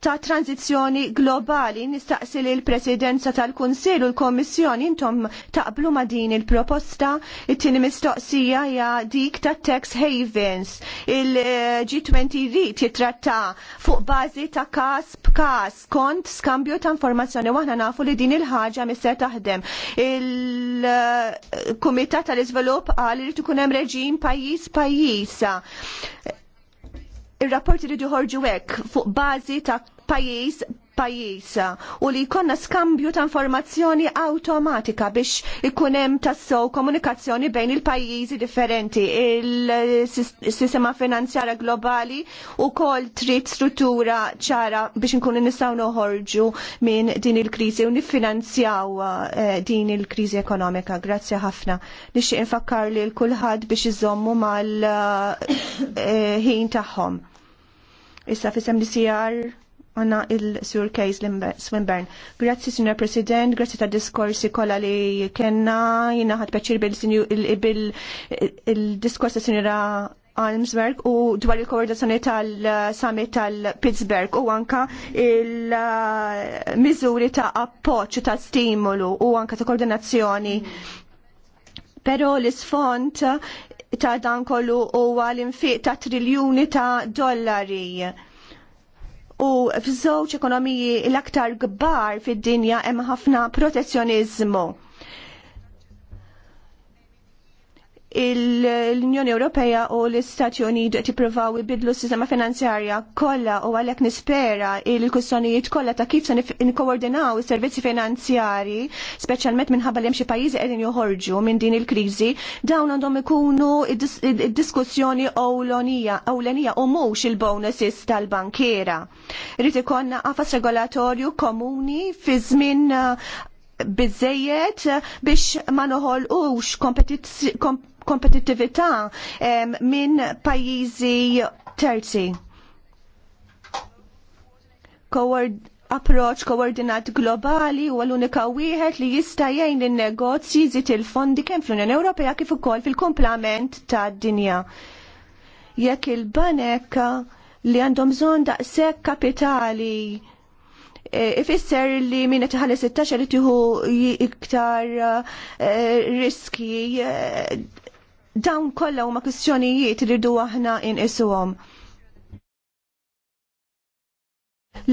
ta' tranzizjoni globali nistaqsi li l-presidenza tal-Kunsil u l kommissjoni intom taqblu ma' din il-proposta it-tini mistoqsija ja dik ta' tax havens il-G20 rit jitratta fuq bazi ta' kas b'kas kont skambju ta' informazzjoni waħna nafu li din il-ħaġa mister taħdem il-Kumitat tal izvelop għal li tukunem hemm reġim pajjiż pajjiż il-rapporti li ħorġu hekk fuq bażi ta' pajjiż pajjiż u li jkollna skambju ta' informazzjoni awtomatika biex ikun hemm tassew komunikazzjoni bejn il-pajjiżi differenti. Il-sistema finanzjara globali kol trid struttura ċara biex inkunu nistgħu noħorġu minn din il-kriżi u niffinanzjaw eh, din il-kriżi ekonomika. Grazzi ħafna. Nixtieq infakkar li l-kulħadd biex iżommu mal-ħin eh, eh, tagħhom. Issa fisem li għanna il-Sur Case Swinburne. Grazzi, Signor President, grazzi ta' diskorsi kolla li kena, jina ħad peċir bil-diskors ta' Signora Almsberg u dwar il-koordinazzjoni tal-summit tal-Pittsburgh u anka il-miżuri ta' appoċ ta' stimolu u anka ta' koordinazzjoni. Pero l-isfont ta' dan kollu huwa l-infiq ta' triljuni ta' dollari u f'żewġ ekonomiji l-aktar kbar fid-dinja hemm ħafna protezzjoniżmu l-Unjoni Ewropea u l-Istati Uniti qed jippruvaw ibidlu s-sistema finanzjarja kollha u għalhekk nispera il-kustonijiet kollha ta' kif se nikkoordinaw is-servizzi finanzjarji, speċjalment minħabba li hemm xi pajjiżi qegħdin joħorġu minn din il-kriżi, dawn għandhom ikunu id-diskussjoni ewlenija u mhux il-bonuses tal-bankiera. Rrid ikollna qafas regolatorju komuni fi żmien uh, bizzejiet biex ma noħolqux kompetizzjoni kompetittività minn pajjiżi terzi. Koward approċ koordinat globali huwa l-unika wieħed li jista' jgħin lin-negozji jżid il-fondi kemm fl-Unjoni Ewropea kif ukoll fil-komplament tad-dinja. Jekk il-banek li għandhom bżonn daqshekk kapitali e, ifisser li min qed iħalli 16 li tieħu iktar e, riski e, Dawn kollha huma kwistjonijiet li rridu aħna inqisuhom.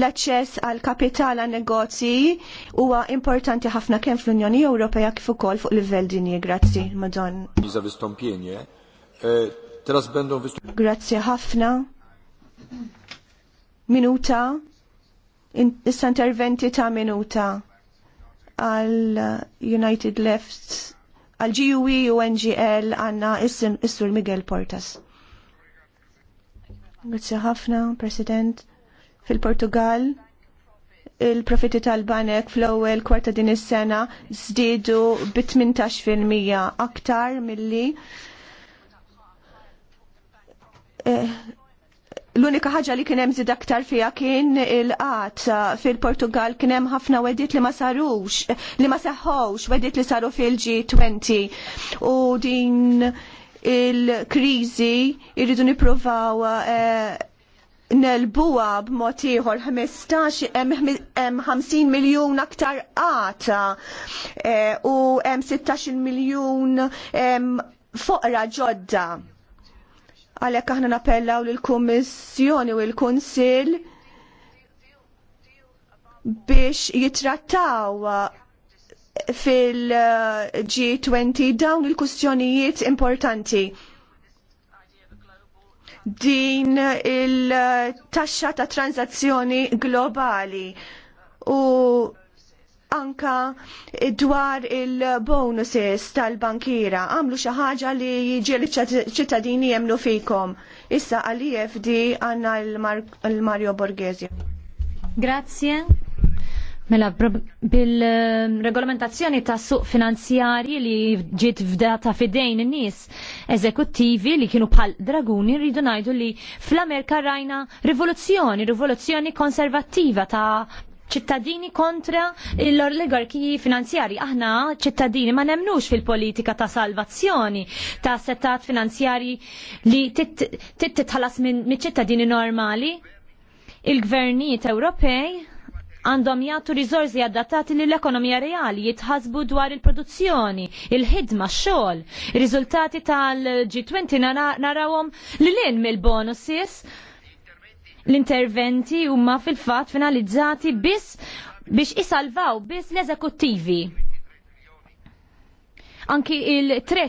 L-aċċess għal kapital għal negozji huwa importanti ħafna kemm fl-Unjoni Ewropea kif ukoll fuq livell dinji. Grazzi, Madon. E, Grazzi ħafna. Minuta. Issa interventi ta' minuta għal United Lefts għal GUE u e NGL għanna Issur Miguel Portas. Grazie ħafna, President. Fil-Portugal, il-profitti tal-banek fl-ewwel kwarta din is-sena żdiedu bi 18% aktar milli eh, L-unika ħaġa li kien hemm żid aktar fiha kien il qat uh, fil-Portugal kien hemm ħafna wedit li ma sarux, li ma seħħux wedit li saru fil-G20. U din il-kriżi irridu nippruvaw uh, nelbuha b'mod ieħor 15 hemm 50 miljun aktar qata uh, u hemm 16 miljun um, foqra ġodda Għalhekk aħna napellaw lill-Kummissjoni u l-Kunsill biex jitrattaw fil-G20 dawn il-kustjonijiet importanti. Din il-taxxa ta' tranzazzjoni globali u anka dwar il-bonuses tal-bankira għamlu xi ħaġa li ġieli ċittadini jemnu fikom. Issa għalijef di għanna l-Mario Borghesi. Grazie. Mela, bil-regolamentazzjoni ta' suq finanzjari li ġiet f'data fidejn in-nies eżekuttivi li kienu bħal draguni rridu ngħidu li fl-Amerika rajna rivoluzzjoni, rivoluzzjoni konservattiva ta' ċittadini kontra l-oligarkiji finanzjari. Aħna ċittadini ma nemnux fil-politika ta' salvazzjoni ta' settat finanzjari li tittitħalas minn ċittadini normali. Il-gvernijiet Ewropej għandhom jagħtu riżorsi adattati lill ekonomija reali jitħasbu dwar il-produzzjoni, il-ħidma, x-xogħol. Ir-riżultati tal-G20 narawhom lil mill-bonuses L-interventi huma fil-fatt finalizzati biss biex isalvaw biss l-eżekuttivi. Anki il-3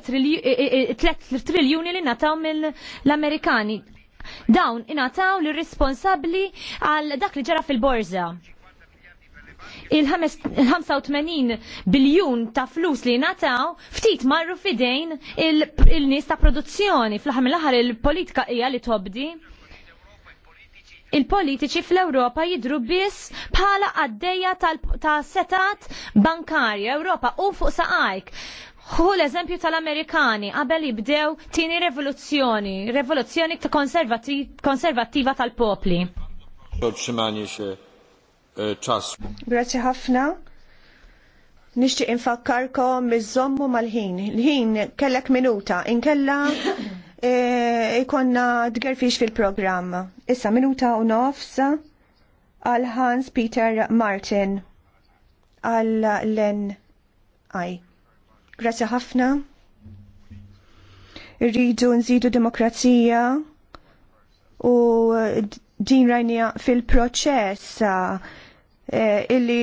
triljuni li nataw mill-Amerikani. Dawn inataw l-responsabli għal dak li ġara fil-borza il-85 biljun ta' flus li nataw ftit marru fidejn il-nis ta' produzzjoni. Fl-ħamil aħar il-politika hija li tobdi il-politiċi fl-Ewropa jidru biss bħala għaddejja ta' setat bankarja Ewropa u fuq saqajk. Hu l-eżempju tal-Amerikani qabel jibdew tieni revoluzzjoni, revoluzzjoni ta' konservattiva tal-popli. E, Grazzi ħafna. Nixtieq infakkarkom miż-żommu mal-ħin. L-ħin kellek minuta, inkella <laughs> E, ikonna dgerfix fil-programm. Issa minuta u nofs għal Hans Peter Martin għal Len Aj. Grazie ħafna. Irridu nżidu demokrazija u din rajnija fil-proċess e, illi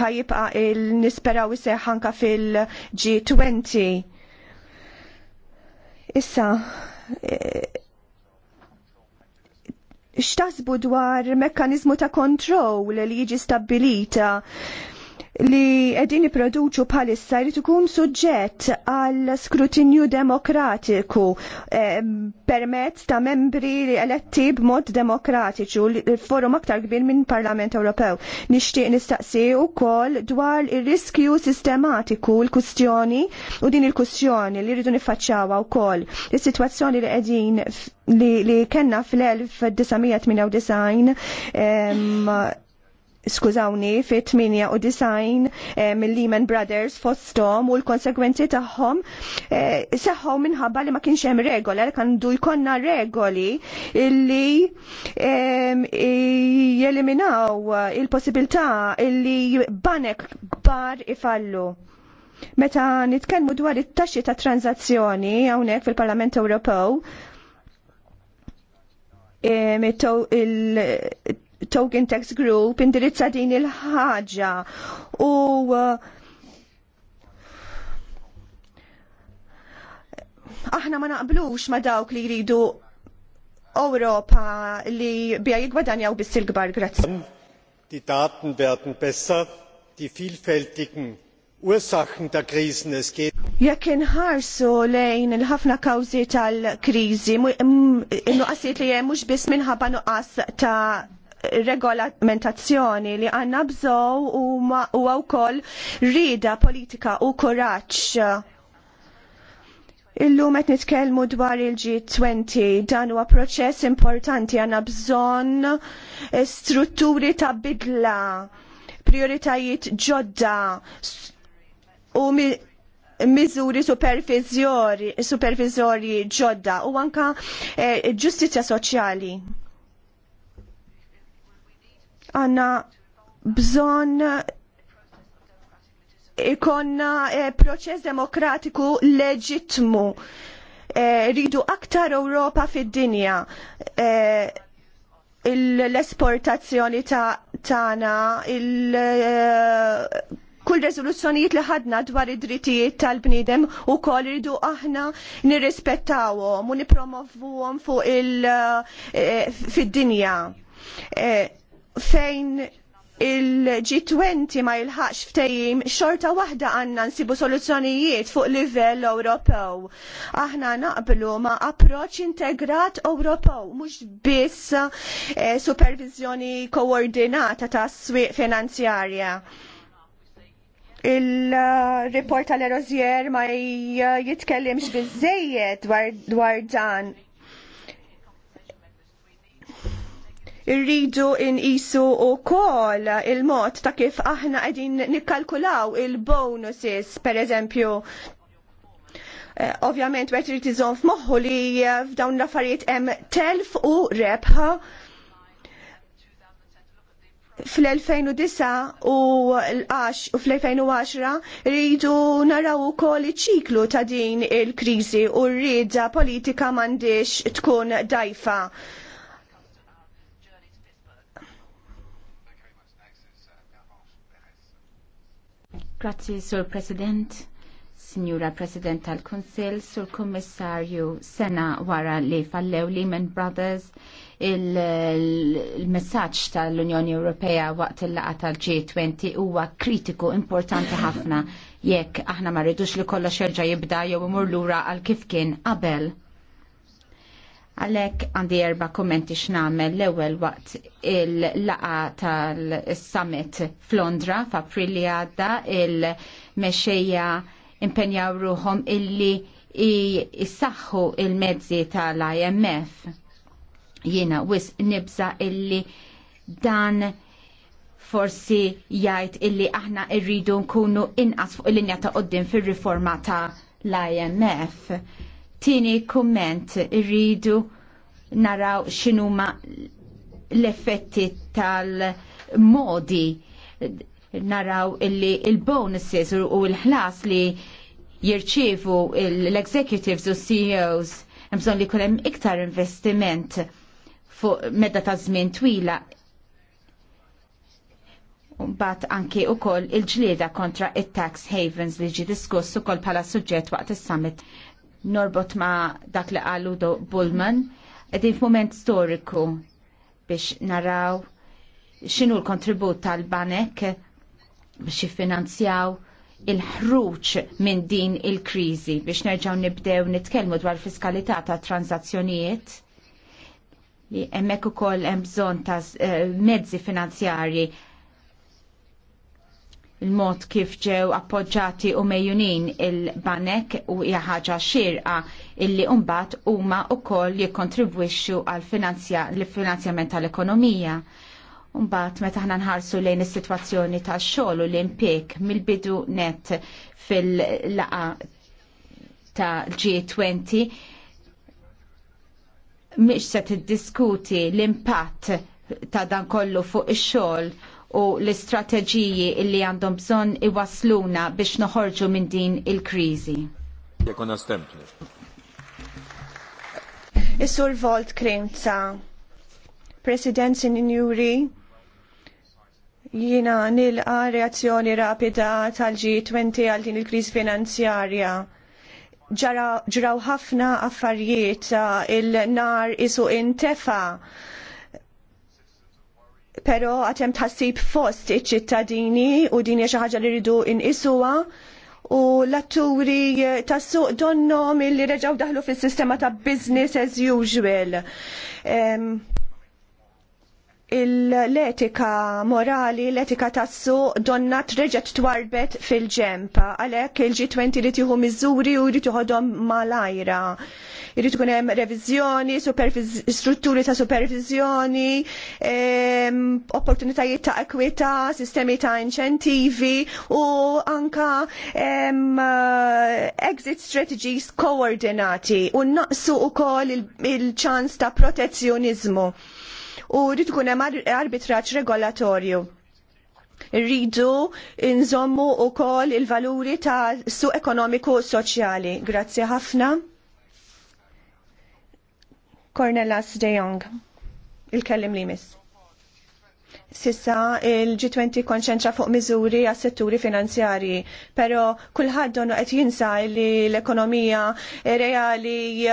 ħajibqa il-nisperaw ħanka fil-G20. Issa, x'tasbu dwar mekkaniżmu ta' kontrol li jiġi stabilita li edin produċu palissa li tkun suġġett għal skrutinju demokratiku eh, permezz ta' membri li eletti b'mod demokratiċu l forum aktar kbir minn Parlament Ewropew. Nixtieq nistaqsi wkoll dwar ir-riskju sistematiku l-kustjoni u din il-kustjoni li rridu niffaċċawha wkoll. Is-sitwazzjoni li qegħdin li, li kellna fl-1998 skużawni, fi 98 eh, mill-Lehman Brothers fostom u l-konsekwenzi tagħhom eh, seħħom minħabba li ma kienx hemm regola, li kandu jkollna regoli li eh, jeliminaw il-possibilità illi banek kbar ifallu. Meta nitkellmu dwar it-taxxi ta' tranzazzjoni hawnhekk fil-Parlament Ewropew, il Token Text Group indirizza din il-ħaġa u uh, aħna ma naqblux ma dawk li jridu Europa li bija jigwadanjaw biss il-gbar, grazzi. Die Daten werden besser, die vielfältigen Ursachen der Krisen es geht. Jekk inħarsu lejn il-ħafna kawżi tal-kriżi, mm, innuqasiet li hemm mhux biss minħabba nuqqas ta' regolamentazzjoni li għanna bżow u wkoll rida politika u kuraċ. Illum qed nitkellmu dwar il-G20 dan huwa proċess importanti għandna bżonn eh, strutturi ta' bidla, prioritajiet ġodda u miżuri supervizjori ġodda u anka eh, ġustizja soċjali għanna bżon ikonna e, proċess demokratiku leġitmu. E, eh, ridu aktar Ewropa fid-dinja. E, eh, l-esportazzjoni tagħna il- kull rezoluzzjonijiet li ħadna dwar id-drittijiet tal-bnidem u koll ridu aħna nirrispettawhom u nipromovuhom fuq il fid-dinja fejn il-G20 ma jilħax ftejim xorta waħda għanna nsibu soluzzjonijiet fuq livell Ewropew. Aħna naqblu ma approċ integrat Ewropew, mhux biss eh, supervizjoni koordinata ta' swieq finanzjarja il-report tal-Erozier ma jitkellimx bizzejiet dwar dan irridu u wkoll il-mod ta' kif aħna qegħdin nikkalkulaw il-bonuses, pereżempju. eżempju, eh, Ovvjament għet irid iżomm f'moħħu li f'dawn l-affarijiet hemm telf u rebħa fl-2009 u l-10 u fl-2010 rridu naraw ukoll iċ-ċiklu ta' din il-kriżi u rrieda politika m'għandix tkun dajfa Grazzi, Sur President, Signora President tal-Konsil, Sur Kommissarju, sena wara li fallew Lehman Brothers, il-messagġ il tal-Unjoni Ewropea waqt il-laqa tal-G20 huwa kritiku importanti ħafna jekk aħna ma rridux li kollox jerġa' jibda jew imur lura għal kif kien qabel. Għalek għandi erba kommenti x'namel l-ewwel waqt il-laqa tal-summit f'Londra f'April li għadda il-mexxejja impenjaw ruhom illi jissaħħu il-mezzi tal-IMF. Jiena wis nibża illi dan forsi jgħid illi aħna rridu nkunu inqas fuq il-linja ta' qoddim fir-riforma ta' l-IMF Tini kumment irridu naraw xinuma l-effetti tal-modi naraw illi il-bonuses u l-ħlas li jirċievu l-executives u CEOs bżonn li kolem iktar investiment fuq medda ta' żmien twila Bat anki u koll il-ġlieda kontra it tax havens li ġi diskuss ukoll bħala suġġett waqt is-summit norbot ma dak li qalu do Bullman, edin f-moment storiku biex naraw xinu l-kontribut tal-banek biex jiffinanzjaw il-ħruċ minn din il-krizi biex nerġaw nibdew nitkelmu dwar fiskalità ta' tranzazzjonijiet li emmek u koll emżon ta' eh, mezzi finanzjari il-mod kif ġew appoġġati u mejjunin il-banek u jaħħaġa xirqa illi umbat huma wkoll jikkontribwixxu għal finanzjament tal-ekonomija. Umbat meta ħna nħarsu lejn is-sitwazzjoni tax-xogħol u l-impjeg mill-bidu net fil-laqa ta' G20 mhix se tiddiskuti l-impatt ta' dan kollu fuq ix-xogħol u l-istrateġiji illi għandhom bżonn iwasluna biex noħorġu minn din il-kriżi. Is-sur Volt Kremza, President Sininjuri, jina nilqa reazzjoni rapida tal-G20 għal din il-kriż finanzjarja. Ġraw ħafna affarijiet uh, il-nar isu intefa' pero għatem tħassib fost iċ-ċittadini u din hija xi ħaġa li rridu inqisuha u l-atturi tas-suq donnom illi reġgħu daħlu fis-sistema ta' business as usual l-etika morali, l-etika tassu donna treġet twarbet fil ġemp Għalek il-G20 li tiħu mizzuri u li tiħodom malajra. Irrit kun hemm revizjoni, strutturi ta' supervizjoni, opportunitajiet ta' ekwita, sistemi ta' inċentivi u anka eh, exit strategies koordinati u naqsu u kol il-ċans ta' protezzjonizmu u rrid ikun hemm arbitraġġ regolatorju. Rridu nżommu wkoll il-valuri ta' suq ekonomiku soċjali. Grazzi ħafna. Cornelas de Jong, il-kellim li miss sissa il-G20 konċentra fuq miżuri għas setturi finanzjari, pero kulħadd donnu qed jinsa li l-ekonomija reali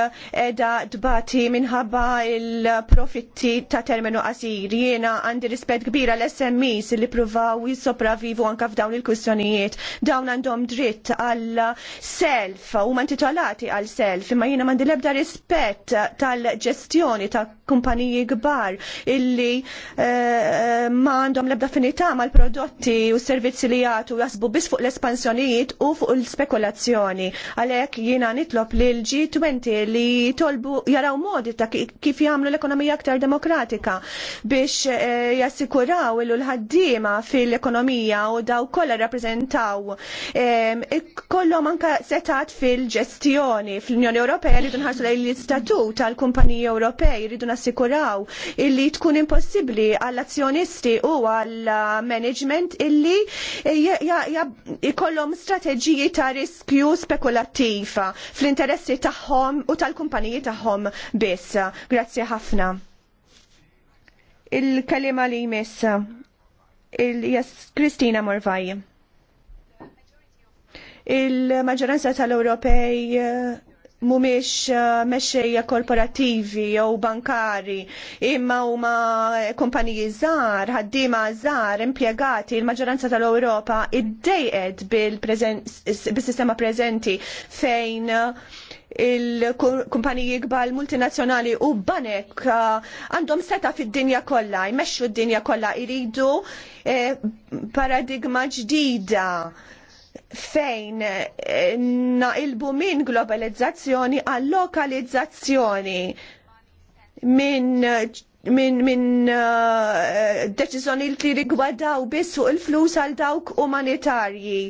edha dbati minħabba il-profitti ta' terminu qasir. Jiena għandi rispett kbira l-SMEs li pruvaw jissopravivu anka f'dawn il-kwistjonijiet. Dawn għandhom dritt għal self u man titolati għal self, imma jiena mandi lebda rispett tal-ġestjoni ta' kumpaniji kbar illi uh, ma għandhom l-ebda ma mal-prodotti u s-servizzi li jagħtu jasbu biss fuq l-espansjonijiet u fuq l-spekulazzjoni. Għalhekk jiena nitlob li l-G20 li tolbu jaraw modi ta' kif jagħmlu l-ekonomija aktar demokratika biex eh, jassikuraw il l-ħaddiema fil-ekonomija u daw kolla rappresentaw. Eh, kollhom anke setat fil-ġestjoni fl-Unjoni Ewropea rridu nħarsu lejn l-istatut tal-kumpaniji Ewropej rridu nassikuraw illi tkun impossibbli għall-azzjonist u għal management illi jkollhom strateġiji ta' riskju spekulattiv fl-interessi tagħhom u tal-kumpaniji tagħhom biss. Grazzi ħafna. Il-kalima li jmiss il-jas Kristina Morvaj. il maġoranza tal-Ewropej mumiex eh, mexxejja korporattivi jew bankari imma huma kumpaniji żgħar, ħaddiema żgħar, impjegati, il-maġġoranza tal-Ewropa iddejqed bis sistema preżenti fejn eh, il-kumpaniji kbar multinazzjonali u banek eh, għandhom seta fid-dinja kollha, jmexxu d-dinja kollha jridu eh, paradigma ġdida fejn eh, naqilbu minn globalizzazzjoni għal lokalizzazzjoni minn minn min, uh, eh, deċizjoni li rigwadaw biss fuq il-flus għal dawk umanitarji.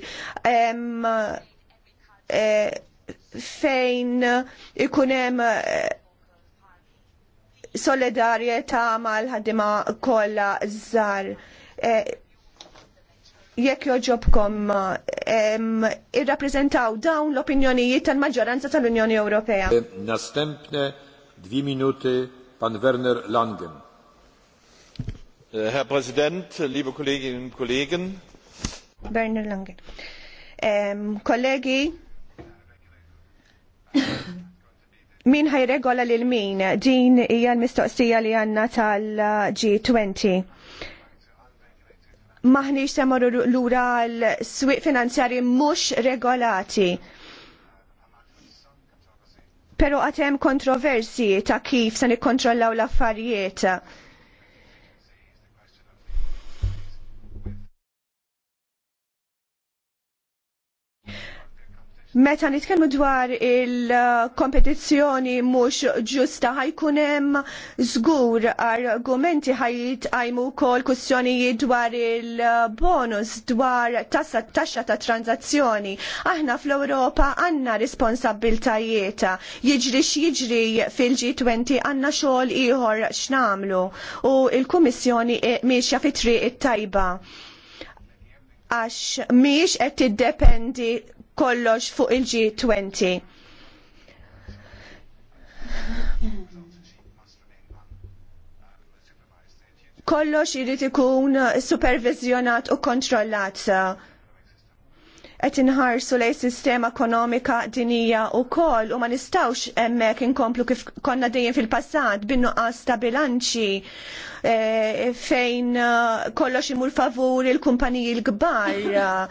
Um, uh, fejn ikunem uh, solidarieta mal-ħadima kolla żar. Uh, jekk joġobkom eh, irrappreżentaw dawn l-opinjonijiet tal-maġġoranza tal-Unjoni Ewropea. Eh, następne dwie minuty pan Werner Langen. Eh, Herr Präsident, liebe Kolleginnen und Kollegen. Werner Langen. Um, kollegi, min ħajregola lil min din hija l-mistoqsija li għandna tal-G20 maħniġ semaru l-ura l-swiq finanzjari mux regolati. Pero għatem kontroversi ta' kif se nikkontrollaw l-affarijiet Meta nitkellmu dwar il-kompetizzjoni mhux ġusta ħajkun hemm żgur argumenti għajmu wkoll kwistjonijiet dwar il-bonus dwar tassa taxxa ta' tranzazzjoni. Aħna fl-Ewropa għandna responsabiltajiet. Jiġri x'jiġri fil-G20 għandna xogħol ieħor x'namlu u l-Kummissjoni mixja fit-triq it-tajba għax miex qed tiddependi kollox fuq il-G20. Kollox irid ikun supervizjonat u kontrollat qed inħarsu lej sistema ekonomika dinija u kol u ma nistawx emmek inkomplu kif konna dejjem fil-passat bin ta' bilanċi eh, fejn eh, kollox imur favur il-kumpaniji l-kbar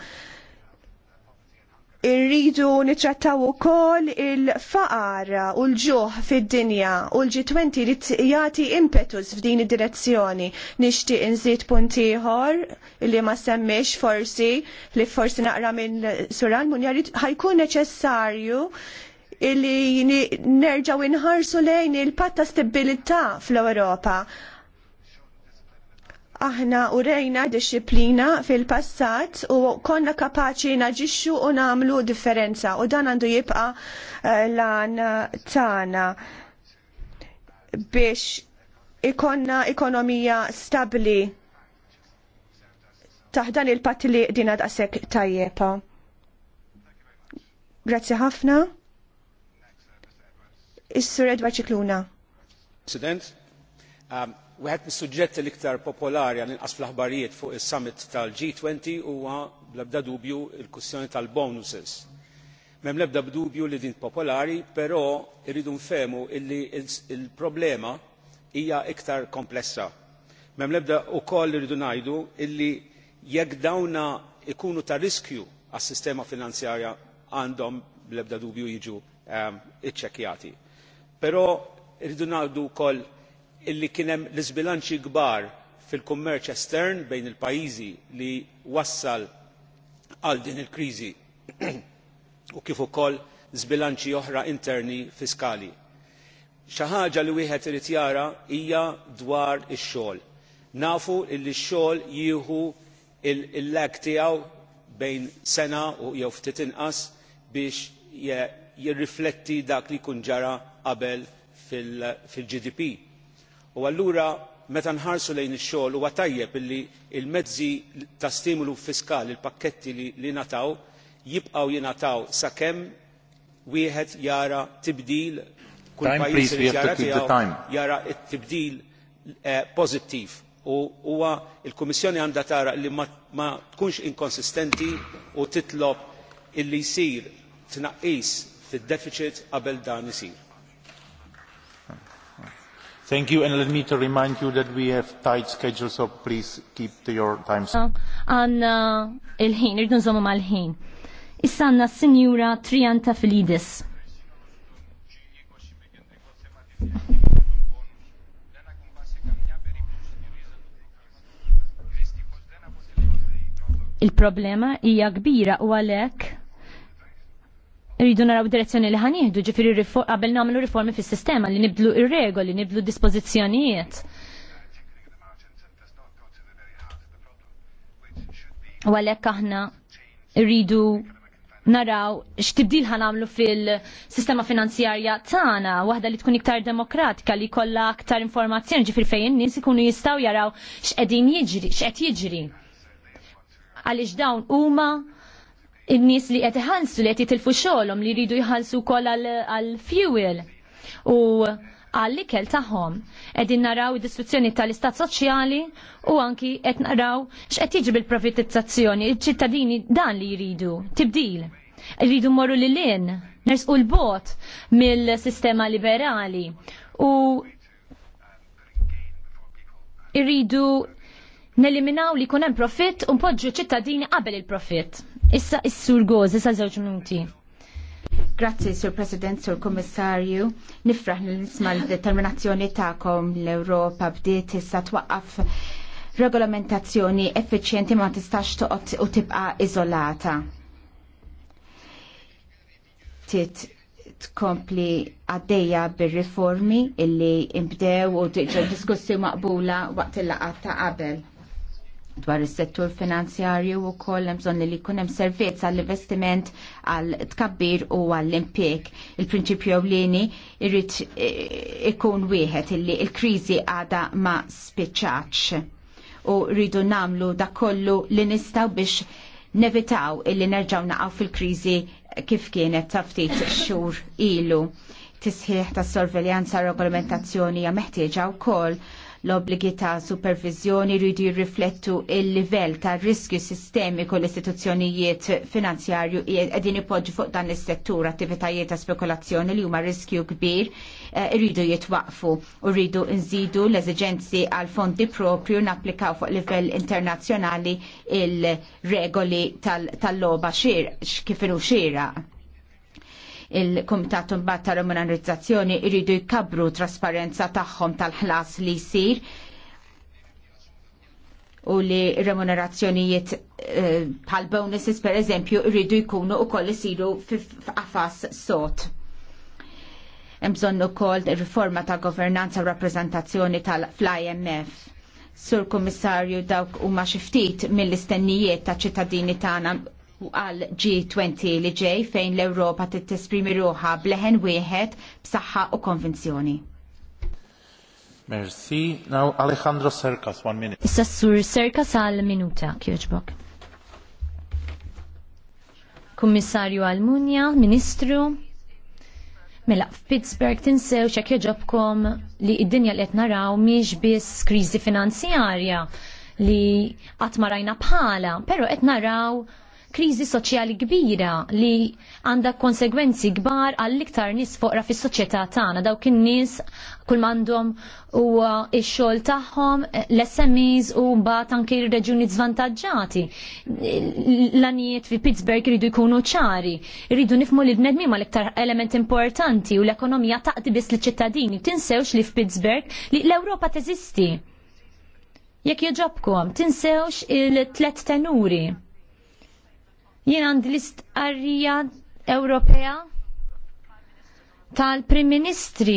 irridu nitrattaw ukoll il-faqar u l-ġuħ fid-dinja u l-G20 li jagħti impetus f'din id-direzzjoni. Nixtieq inżid punt ieħor li ma semmix forsi li forsi naqra minn Suran Munjar ħajkun neċessarju illi nerġaw inħarsu lejn il-patta stabilità fl ewropa aħna u rejna disċiplina fil-passat u konna kapaċi naġixxu u namlu differenza u dan għandu jibqa eh, lan tana biex ikonna ekonomija stabli taħdan il-patti li dinad għasek tajjeba. Grazzi ħafna. Is-sur Edward Ċikluna. President, um, Wieħed mis-suġġetti l-iktar popolari għal inqas fl-aħbarijiet fuq is-summit tal-G20 huwa bl-ebda dubju l kussjoni tal-bonuses. M'hemm l-ebda dubju li din popolari, però irridu nfemu illi il-problema hija iktar komplessa. Mem l-ebda wkoll irridu ngħidu illi jekk dawna ikunu ta' riskju għas-sistema finanzjarja għandhom bl-ebda dubju jiġu ehm, iċċekkjati. Però irridu ngħidu wkoll illi kien hemm l-isbilanċi kbar fil-kummerċ estern bejn il-pajjiżi li wassal għal din il-kriżi <clears throat> u kif ukoll żbilanċi oħra interni fiskali. Xi ħaġa li wieħed irid jara hija dwar ix-xogħol. Nafu li x-xogħol jieħu il-lag tiegħu bejn sena u jew ftit inqas biex jirrifletti dak li jkun ġara qabel fil-GDP. U allura meta nħarsu lejn ix-xogħol huwa tajjeb illi l mezzi ta' stimulu fiskali, il-pakketti li, li nataw jibqgħu jingħataw sakemm wieħed jara tibdil kull pajjiż li jara jara t-tibdil eh, pożittiv u huwa il-Kummissjoni għandha tara li ma, ma tkunx inkonsistenti u titlob illi jsir tnaqqis fid-deficit qabel dan isir. Thank you and let me to remind you that we have tight schedule so please keep to your time. on il-ħin, irdu nżommu mal-ħin. Issa għanna Trianta Filidis. Il-problema hija kbira u għalhekk rridu naraw direzzjoni li ħanieħdu ġifiri qabel nagħmlu riformi fis-sistema li nibdlu ir-regoli, nibdlu dispożizzjonijiet. U għalhekk aħna rridu naraw x'tibdil ħanamlu fil-sistema finanzjarja tagħna, waħda li tkun iktar demokratika li kollha aktar informazzjoni ġifir fejn in-nies ikunu jistgħu jaraw x'qegħdin jiġri, x'qed jiġri. Għaliex dawn huma in-nies li qed iħallsu li qed jitilfu xogħolhom li jridu jħallsu wkoll għall-fuel u għall-ikel tagħhom. Qegħdin naraw id-distruzzjoni tal-istat soċjali u anki qed naraw x'qed jiġi bil profitizzazzjoni il ċittadini dan li jridu, tibdil. Jridu morru l-in, lin, u l-bot mill-sistema liberali u jridu neliminaw li kunem profit un poġġu ċittadini qabel il-profit. Issa is-sur goz, issa żewġ minuti. Grazzi, Sur President, Sur Kommissarju. Nifraħ nisma l-determinazzjoni ta'kom l-Europa bdiet issa twaqqaf regolamentazzjoni effiċjenti ma tistax toqgħod u tibqa' iżolata. Tit tkompli għaddejja bir-riformi illi imbdew u diskussju maqbula waqt il-laqgħat ta' qabel dwar is-settur finanzjarju u koll hemm bżonn li jkun hemm servizz għall-investiment għal tkabbir u għall-impjeg. Il-prinċipju ewlieni irrid ikun wieħed illi il-kriżi għada ma spiċċax u rridu namlu da kollu li nistaw biex nevitaw illi nerġaw naqaw fil-kriżi kif kienet taftit xhur ilu. Tisħiħ ta' sorveljanza regolamentazzjoni hija meħtieġa wkoll L-obbligi ta' supervizjoni rridu jirriflettu il-livell ta' riskju sistemiku l-istituzzjonijiet finanzjarju qegħdin ipoġġu fuq dan is-settur attivitajiet ta' spekulazzjoni li huma riskju kbir eh, rridu jitwaqfu u rridu nżidu l-eżigenzi għal fondi propju napplikaw fuq livell internazzjonali il-regoli tal-loba kif xira il-Kumitat Mbagħad ta' Remunerizzazzjoni jridu jkabru trasparenza tagħhom tal-ħlas li jsir u li remunerazzjonijiet eh, bħal bonuses per eżempju jridu jkunu u koll isiru f'affas sot. Mżonnu kol riforma ta' governanza u rappresentazzjoni tal-IMF. Sur Kommissarju dawk huma xi ftit mill-istennijiet ta' ċittadini tagħna għal G20 li ġej fejn l-Europa tesprimi ruħa bleħen wieħed b'saħħa u konvinzjoni. Merci. Now Alejandro Serkas, one minute. Sassur Serkas għal minuta, kjoġbok. Kommissarju Almunja, Ministru, Mela, f'Pittsburgh tinsew xek joġobkom li id-dinja li qed naraw miex biss kriżi finanzjarja li qatt ma rajna bħala, però qed naraw kriżi soċjali kbira li għandha konsegwenzi kbar għall-iktar nies foqra fis-soċjetà tagħna dawk in-nies kull m'għandhom huwa x-xogħol tagħhom, l-SMEs u mbagħad anke r-reġuni żvantaġġati. L-anijiet fi Pittsburgh iridu jkunu ċari, jridu nifmu li bnedmi ma l-iktar element importanti u l-ekonomija taqdi biss l ċittadini tinsewx li f'Pittsburgh li l-Ewropa teżisti. Jekk joġobkom, tinsewx il-tlet tenuri Jien għandi l-istqarrija Ewropea tal-Prim Ministri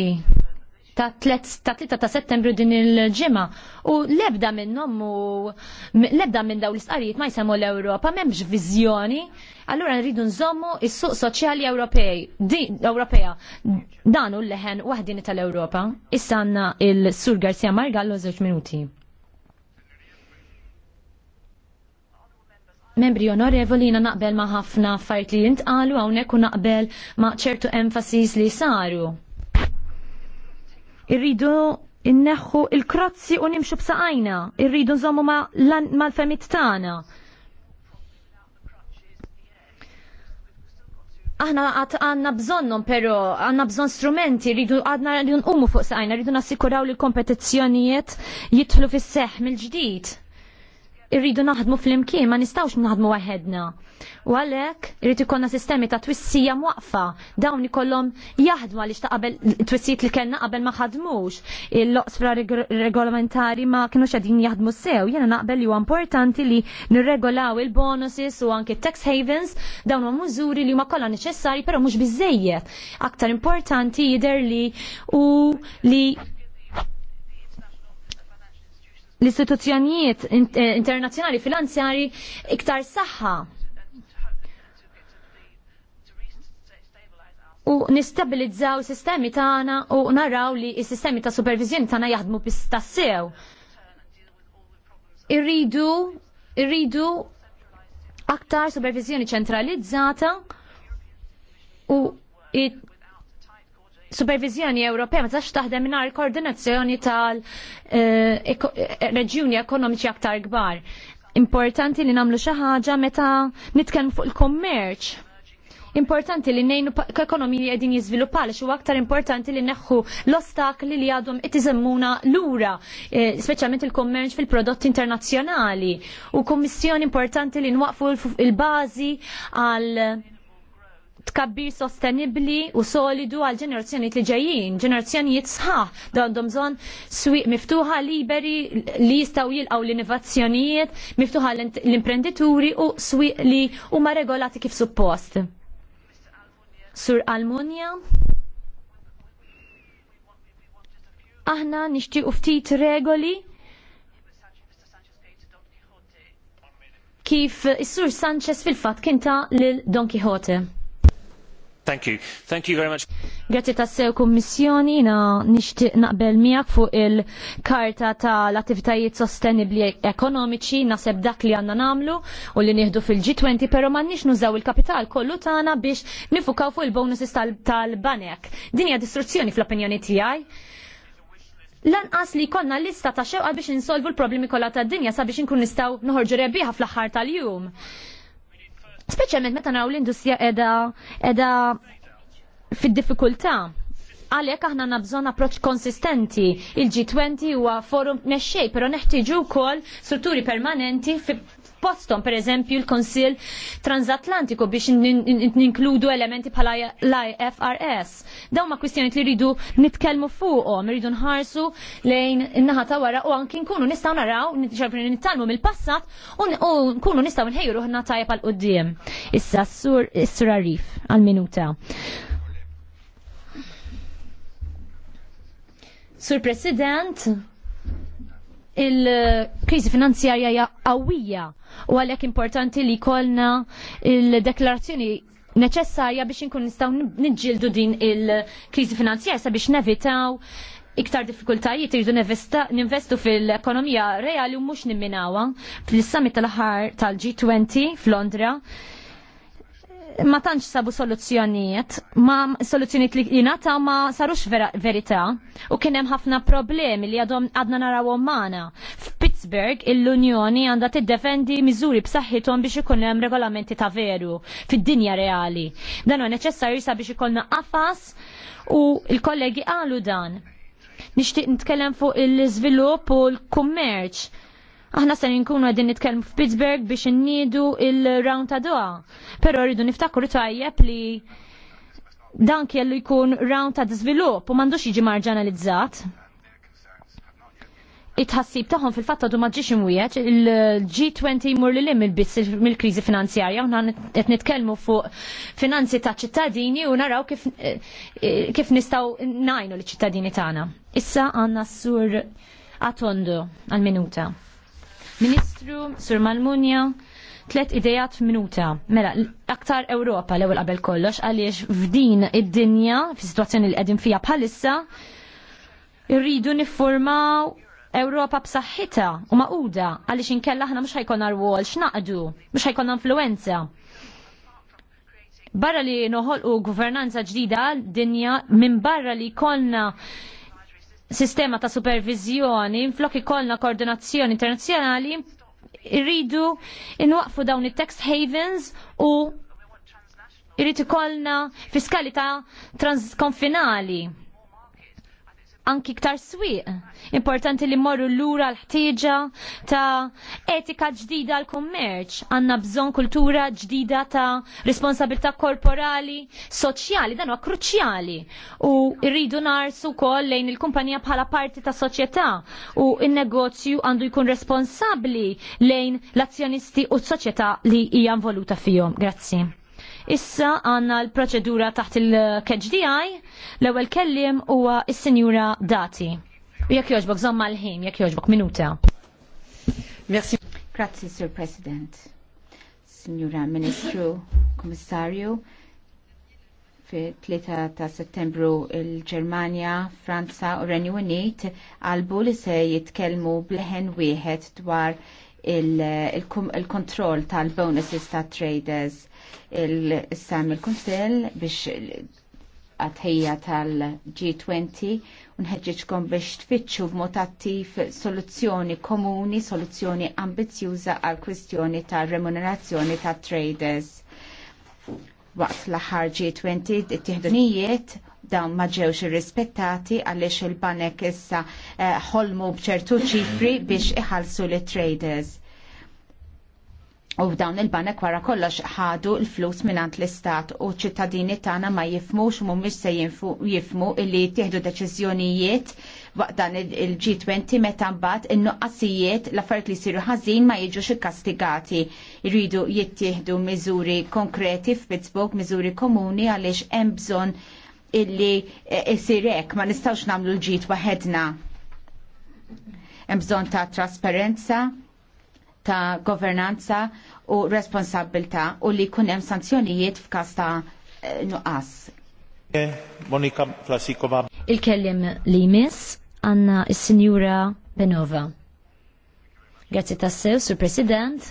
ta' 3 ta' settembru din il-ġimgħa u lebda minnhom u lebda minn daw l istqarrijiet ma jsemmu l-Ewropa m'hemmx viżjoni, allura nridu nżommu is-suq soċjali Ewropej, Ewropea. Dan hu l-leħen waħdini tal-Ewropa. Issa għandna il-Sur Garcia Marga għall żewġ minuti. Membri onorevoli jina naqbel ma' ħafna affarijiet li jintqalu hawnhekk u naqbel ma' ċertu enfasis li saru. Irridu inneħħu il-krozzi u nimxu b'saqajna, irridu nżommu mal-femit tagħna. Aħna għat għanna bżonnom, pero għanna bżon strumenti, rridu għadna rridu nqumu fuq saqajna, rridu nassikuraw li l-kompetizzjonijiet jitlu fis-seħ mill-ġdid irridu naħdmu fl-imkien, ma nistawx naħdmu waħedna. U għalek, irridu konna sistemi ta' twissija mwaqfa, dawn ikollhom jaħdmu għaliex ta' qabel twissijiet li kellna qabel ma ħadmux. Il-loqsfra regolamentari ma kienu qegħdin jaħdmu sew, jiena naqbel li huwa importanti li nirregolaw il-bonuses u anke tax havens, dawn huma mużuri li huma kollha neċessari, però mhux biżejjed. Aktar importanti jidher li u li l-istituzzjonijiet eh, internazzjonali finanzjari iktar saħħa. U nistabilizzaw sistemi tagħna u naraw li s-sistemi ta' supervizjoni tagħna jaħdmu bistassew. Irridu irridu aktar supervizjoni ċentralizzata u supervizjoni Ewropea ma tax taħdem mingħajr koordinazzjoni tal-reġjuni eh, eh, ekonomiċi aktar kbar. Importanti li nagħmlu xi ħaġa meta nitkellmu fuq il-kummerċ. Importanti li nejnu ekonomiji li għedin jizviluppali xo aktar importanti li neħħu l-ostakli li għadhom ittiżemmuna l-ura, eh, specialment il-kommerċ fil-prodotti internazzjonali u kommissjoni importanti li nwaqfu il-bazi għal tkabbir sostenibli u solidu għal ġenerazzjonijiet li ġejjin, ġenerazzjonijiet sħaħ, da għandhom bżonn swieq miftuħa liberi li jistgħu jilqgħu l-innovazzjonijiet, miftuħa l-imprendituri u swiq li huma regolati kif suppost. Sur Almunia, aħna nixtiequ ftit regoli kif is-Sur Sanchez fil-fatt kinta lil Don Quixote. Thank you. Thank you very much. Grazie tassew kummissjoni na nixtieq naqbel miegħek fuq il-karta tal-attivitajiet sostenibli ekonomiċi naseb dak li għandna nagħmlu u li nieħdu fil-G20 però nix nużaw il-kapital kollu tagħna biex nifukaw fuq il-bonuses tal-banek. Din hija distruzzjoni fl-opinjoni tiegħi. Lanqas li konna lista ta' xewqa biex insolvu l-problemi kollha tad-dinja sabiex inkun nistgħu noħorġu rebbieħa fl-aħħar tal-jum. Speċjalment meta naraw l-industrija edha edha fid-diffikultà għalhekk aħna nabżon approċ konsistenti. Il-G20 huwa forum mexxej, però neħtieġu wkoll strutturi permanenti fostom, per eżempju l-Konsil Transatlantiku biex ninkludu elementi bħala l-IFRS. Dawn ma kwistjoni li rridu nitkellmu fuqhom, rridu nħarsu lejn in-naħa ta' wara u anki nkunu nistgħu naraw nittalmu mill-passat u nkunu nistgħu nħejju ruħna tajjeb għal qudiem. Issa s-sur Arif għal-minuta. Sur President, il-krizi finanzjarja hija qawwija u għalhekk importanti li kolna il-deklarazzjoni neċessarja biex inkun nistgħu niġġieldu din il-krizi finanzjarja sabiex nevitaw iktar diffikultajiet irridu ninvestu fil-ekonomija reali u mhux nimminawa fil-summit aħħar tal tal-G20 f'Londra ma tantx sabu soluzzjonijiet, ma soluzzjonijiet li jinata ma sarux verita verità u kien hemm ħafna problemi li għadhom għadna narawhom magħna. F'Pittsburgh l-Unjoni għandha tiddefendi miżuri b'saħħithom biex ikun hemm regolamenti ta' veru fid-dinja reali. Dan huwa neċessarju sabiex ikollna qafas u l-kollegi qalu dan. Nixtieq nitkellem fuq l-iżvilupp u l-kummerċ Aħna se nkunu qegħdin nitkellmu f'Pittsburgh biex innidu il-round ta' doha. Però rridu niftakru tajjeb li dan kellu jkun round ta' żvilupp u m'għandux jiġi marġanalizzat. It-ħassib tagħhom fil-fatt għadu ma ġiex imwieċ, il-G20 jmur li lim il-biss mill-kriżi finanzjarja, u qed nitkellmu fuq finanzi ta' ċittadini u naraw kif, eh, kif nistgħu najnu l-ċittadini tagħna. Issa għandna s-sur għatondu għal-minuta. Ministru, Sur Malmunja, tlet idejat minuta. Mela, aktar Ewropa l ewwel qabel kollox, għaliex f'din id-dinja, fis-sitwazzjoni li qegħdin fija bħalissa, irridu niffurmaw Ewropa b'saħħitha u maquda għaliex inkella aħna mhux ħajkun rwol x'naqdu, mhux ħajkun influenza. Barra li noħolqu gvernanza ġdida dinja minn barra li konna sistema ta' supervizjoni, flok ikollna koordinazzjoni internazzjonali, irridu inwaqfu dawn it tax havens u irrid ikollna fiskalità transkonfinali anki ktar swieq. Importanti li morru l-lura l-ħtieġa ta' etika ġdida l-kummerċ. Għanna bżon kultura ġdida ta' responsabilità korporali, soċjali, dan huwa kruċjali. U rridu narsu kol lejn il-kumpanija bħala parti ta' soċjetà u il-negozju għandu jkun responsabli lejn l-azzjonisti u s-soċjetà li hija involuta fihom. Grazzi. Issa għanna l-proċedura taħt il-KGDI, l-ewel kellim huwa il sinjura Dati. U jekk joġbok zomma l-ħin, jekk joġbok minuta. Merci. Grazie, Sir President. Signora Ministru, Komissarju, fi 3 ta' settembru il-Germania, Franza u Renju Unit għalbu li se jitkellmu bleħen wieħed dwar il-kontroll il tal-bonuses ta' traders il-sam il-Kunsel biex għatħija tal-G20 unħedġiċkom biex tfittxu b'mod attiv soluzzjoni komuni, soluzzjoni ambizjuża għal kwistjoni tal-remunerazzjoni ta' traders. Waqt l-aħħar G20 it tihdunijiet dawn ma ġewx irrispettati għaliex il-banek issa eh, ħolmu uh, bċertu ċifri biex iħallsu li traders. U f'dawn il-banek wara kollox ħadu l-flus minant l-istat u ċittadini tagħna ma jifmux mhumiex se jifmu illi tieħdu deċiżjonijiet waqt dan il-G20 meta mbagħad in-nuqqasijiet l-affarijiet li jsiru ħażin ma jiġux ikkastigati. Jridu jittieħdu miżuri konkreti f'Pittsburgh, miżuri komuni għaliex hemm bżonn illi eh, isirek ma nistawx namlu l-ġit waħedna. Hemm bżonn ta' trasparenza, ta' governanza u responsabilta u li jkun hemm sanzjonijiet f'każ ta' eh, nuqqas. Eh, Monika Flasikova. Il-kellim li jmiss għanna is-Sinjura Benova. Grazzi tassew, Sur President.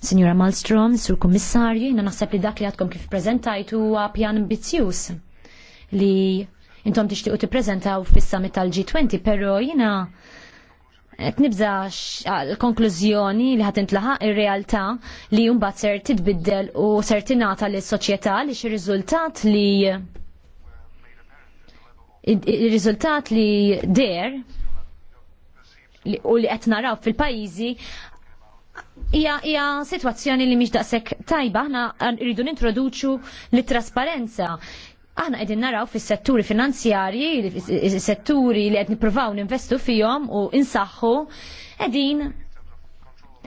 Signora Malmström, Sur Kummissarju, jina naħseb li dak li għadkom kif prezentajtu huwa pjan ambizzjuż li intom tixtiqu tippreżentaw fis-summit tal-G20, però jina qed nibża l-konklużjoni li ħadd intlaħaq ir-realtà li mbagħad ser titbiddel u ser tingħata lis-soċjetà li xi riżultat li ir riżultat li der u li qed naraw fil-pajjiżi Ija, ija situazzjoni li miex daqsek tajba, ħna rridu nintroduċu li trasparenza. Aħna qegħdin naraw fis-setturi finanzjarji, setturi li qed nippruvaw ninvestu fihom u insaħħu qegħdin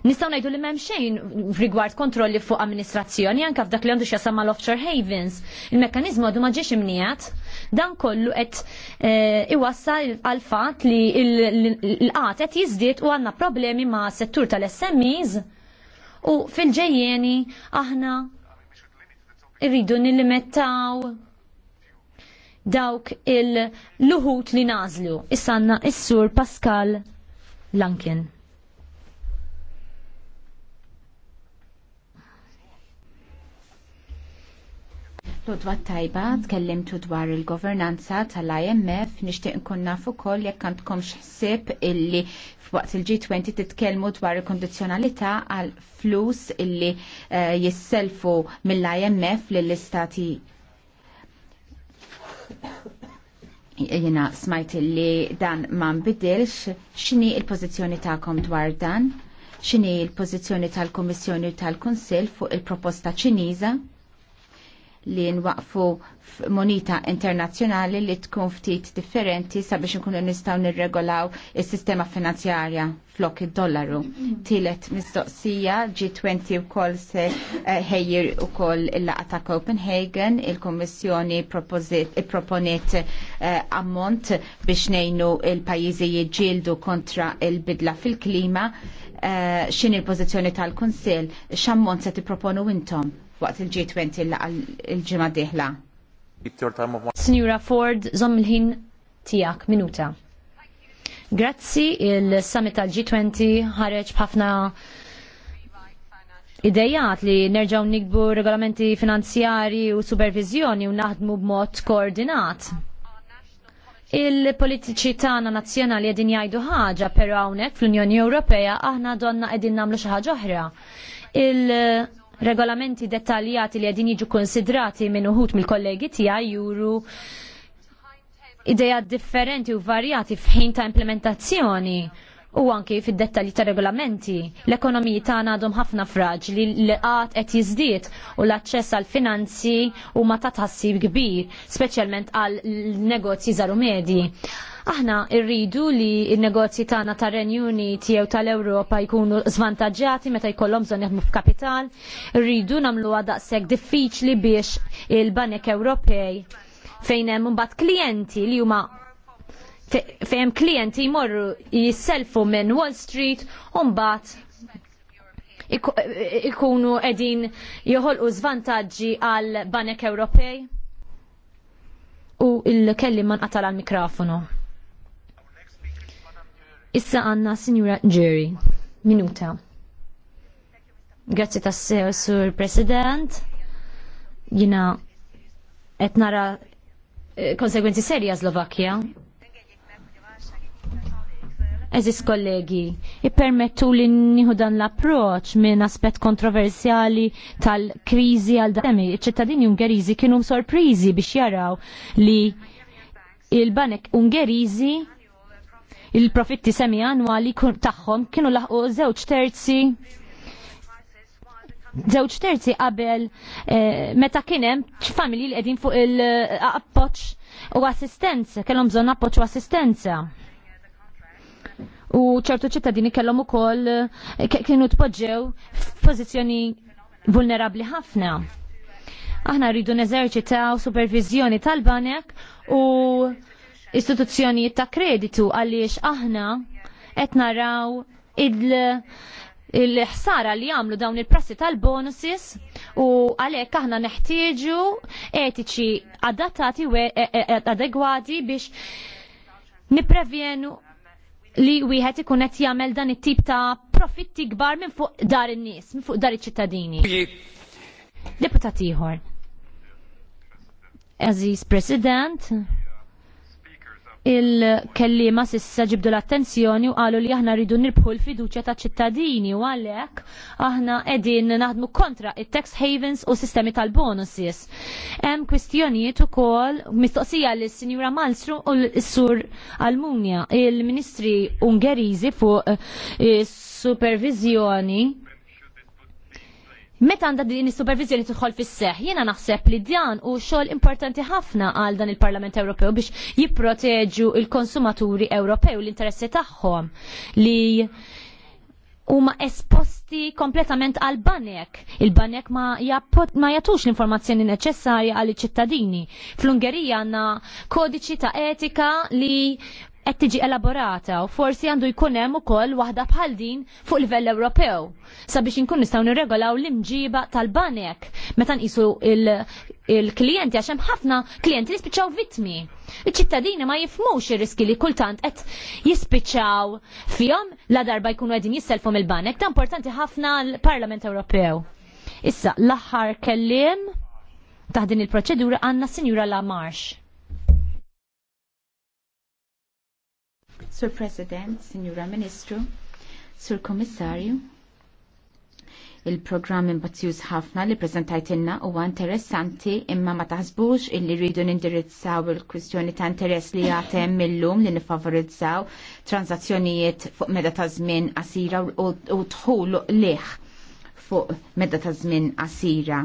Nistaw najdu li mem xejn rigward kontrolli fuq amministrazzjoni anka f'dak li għandu xjasam l offshore havens. Il-mekkanizmu għadu maġiex imnijat, dan kollu qed eh, iwassa għal fatt li l-qat qed jizdiet u għandna problemi ma' settur tal-SMEs u fil-ġejjeni aħna irridu nil-limettaw dawk il-luħut li nażlu. Issanna is-sur Pascal Lankin. Lodwa tajba, tkellimtu dwar il-governanza tal-IMF, nishtiq nkun naf ukoll jekk għandkom xsib illi f'waqt il-G20 titkellmu dwar il-kondizzjonalità għal flus illi eh, jisselfu mill-IMF lill-istati Jena smajt li dan ma nbidilx, xini il-pozizjoni ta'kom dwar dan, xini il-pozizjoni tal-Komissjoni tal-Konsil fuq il-proposta ċiniża? li nwaqfu moneta internazzjonali li tkun ftit differenti sabiex nkunu nistgħu nirregolaw is-sistema finanzjarja flok id-dollaru. Tielet mistoqsija G20 wkoll se eh, ħejjir ukoll il laqgħa ta' Copenhagen, il kummissjoni proponiet eh, ammont biex ngħinu il-pajjiżi jiġġieldu kontra il-bidla fil-klima. Eh, x'inhi l pożizzjoni tal-Kunsill? X'ammont se tipproponu intom? waqt il-G20 il-ġimgħa diħla. Signora Ford, żomm il-ħin tiegħek minuta. Grazzi il-summit tal-G20 ħareġ b'ħafna idejat li nerġaw nikbu regolamenti finanzjari u supervizjoni u naħdmu b'mod koordinat. Il-politiċi tagħna nazzjonali qegħdin jgħidu ħaġa, però hawnhekk fl-Unjoni Ewropea aħna donna qegħdin nagħmlu xi ħaġa oħra regolamenti dettaljati li għedin jiġu konsidrati minn uħut mill-kollegi tiegħi juru ideja differenti u varjati f'ħin ta' implementazzjoni u anke fid-dettalji ta' regolamenti. L-ekonomiji tagħna għadhom ħafna fraġli li qatt qed jiżdied u l-aċċess għal finanzi huma ta' tħassib kbir, speċjalment għal negozji żaru medji. Aħna rridu li il-negozji tagħna tar renju Uniti jew tal-Ewropa jkunu zvantaġġati meta jkollhom bżonn jaħdmu f'kapital, rridu nagħmluha daqshekk diffiċli biex il-Banek Ewropej fejn hemm imbagħad klijenti li huma fejn klijenti jmorru jisselfu minn Wall Street u mbagħad ikunu edin joħolqu zvantaġġi għal banek Ewropej? U il-kellim man qatal għal mikrofonu. Issa għanna Signora Jerry. Minuta. Grazzi se Sur President. Jina qed nara eh, konsekwenzi serja Slovakkja. Eżis kollegi, ippermettu li nieħu dan l-approċ minn aspett kontroversjali tal-kriżi għal dami. Iċ-ċittadini Ungeriżi kienu sorpriżi biex jaraw li il-banek Ungeriżi il-profitti semi annwali tagħhom kienu laħqu żewġ terzi Zewċ terzi qabel eh, meta kienem familji li qegħdin fuq il-appoċ u assistenza, kellhom bżonn appoċ u assistenza. U ċertu ċittadini kellhom ukoll eh, kienu tpoġġew f'pożizzjoni vulnerabli ħafna. Aħna rridu u supervizjoni tal-banek u istituzzjonijiet ta' kreditu għaliex aħna qed naraw il-ħsara li jagħmlu dawn il-prassi tal-bonuses u għalhekk aħna neħtieġu etiċi adattati u e- e- e- adegwati biex niprevjenu li wieħed ikun qed jagħmel dan it-tip ta' profitti kbar minn fuq dar in-nies, minn fuq dar iċ-ċittadini. Deputat ieħor. Aziz President, il-kellima sissa ġibdu l-attenzjoni u qalu li aħna rridu nirbħu l-fiduċja ta' ċittadini u għalhekk aħna qegħdin naħdmu kontra it-tax havens u sistemi tal-bonuses. Hemm kwistjonijiet ukoll mistoqsija lis sinjura Malstru u l-Sur Almunja, il-Ministri Ungeriżi fuq eh, supervizjoni Meta għandha din is-supervizjoni tidħol fis-seħ, jiena naħseb li dan u xogħol importanti ħafna għal dan il-Parlament Ewropew biex jipproteġu il-konsumaturi Ewropew l-interessi tagħhom li huma esposti kompletament għal banek. Il-banek ma, ma jatux l-informazzjoni neċessarja għal ċittadini. Fl-Ungerija għandna kodiċi ta' etika li qed tiġi elaborata u forsi għandu jkun hemm ukoll waħda bħal din fuq livell Ewropew sabiex inkun nistgħu nirregolaw l-imġiba tal-banek meta nqisu il-klijenti għax hemm ħafna klijenti li spiċċaw vittmi. Iċ-ċittadini ma jifmux ir-riski li kultant qed jispiċċaw fihom la darba jkunu qegħdin jisselfhom il-banek, ta' importanti ħafna l-Parlament Ewropew. Issa, l-aħħar kellim taħdin il-proċedura għandna Sinjura Lamarx. Sur President, Signora Ministru, Sur Komissarju, il-programm imbazzjuż ħafna li prezentajtinna huwa interessanti imma ma taħsbux illi rridu nindirizzaw il-kwistjoni ta' interess li għatem millum li nifavorizzaw tranzazzjonijiet fuq meda ta' żmien qasira u tħulu liħ fuq meda ta' żmien qasira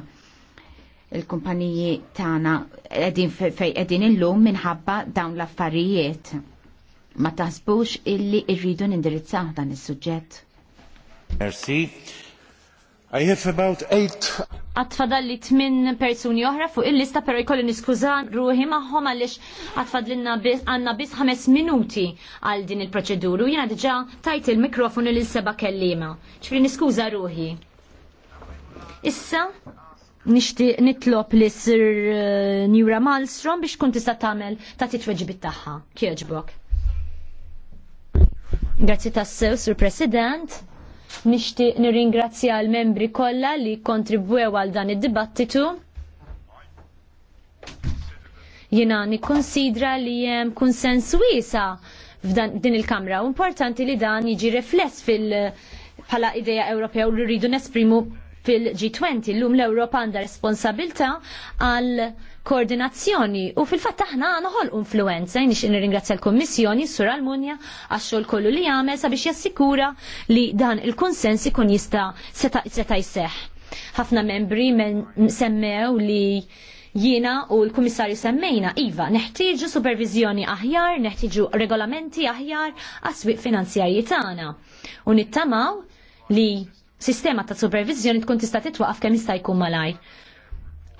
il-kumpaniji tagħna qegħdin fejn qegħdin illum minħabba dawn l-affarijiet ma tasbux illi irridu nindirizzaw dan is-suġġett. Merci. I have about eight. li tmin persuni oħra fuq il-lista pero jkolli niskużan ruħi maħħom għalix għatfadlinna għanna bis ħames minuti għal din il-proċeduru. Jena diġa tajt il-mikrofonu lil seba kellima. ċfri niskuża ruħi. Issa nishti nitlop li sir eh, Nura Malstrom biex kun tista' tagħmel ta' titweġibit tagħha. Kieġbok. Grazzi tassew, Sur President. Nixtieq nirringrazzja l-membri kollha li kontribwew għal dan id-dibattitu. Jiena nikkonsidra li hemm konsens wiesa f'dan din il-Kamra. Importanti li dan jiġi rifless fil- pala ideja Ewropea u li rridu nesprimu fil-G20. L-lum l-Ewropa għandha responsabilta għal koordinazzjoni u fil-fatt aħna noħol influenza inni nirringrazzja l-Kommissjoni Sur Almunja għax-xogħol kollu li jagħmel sabiex jassikura li dan il-konsens ikun jista' seta' jseħ. Ħafna membri men semmew li jiena u l-Kummissarju semmejna, Iva, neħtieġu supervizjoni aħjar, neħtieġu regolamenti aħjar għaswiq finanzjarji tagħna. U nittamaw li sistema ta' supervizjoni tkun tista' titwaqaf kemm jista' jkun malaj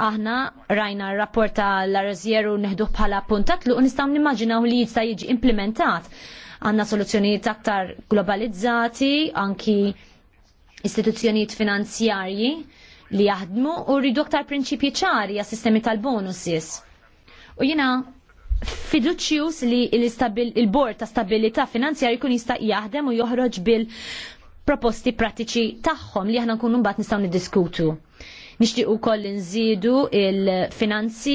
aħna rajna r-rapport l-arżjeru neħdu bħala puntat l nistaw nimmaġinaw li jista' jiġi implementat. Għanna soluzzjonijiet aktar globalizzati, anki istituzzjonijiet finanzjarji li jaħdmu u rridu aktar prinċipji ċari għas sistemi tal-bonuses. U jina fiduċjus li il-bord ta' stabilita finanzjarji kun jista' jaħdem u joħroġ bil proposti pratiċi tagħhom li aħna nkunu mbagħad nistgħu niddiskutu. Nixtiequ ukoll nżidu il-finanzi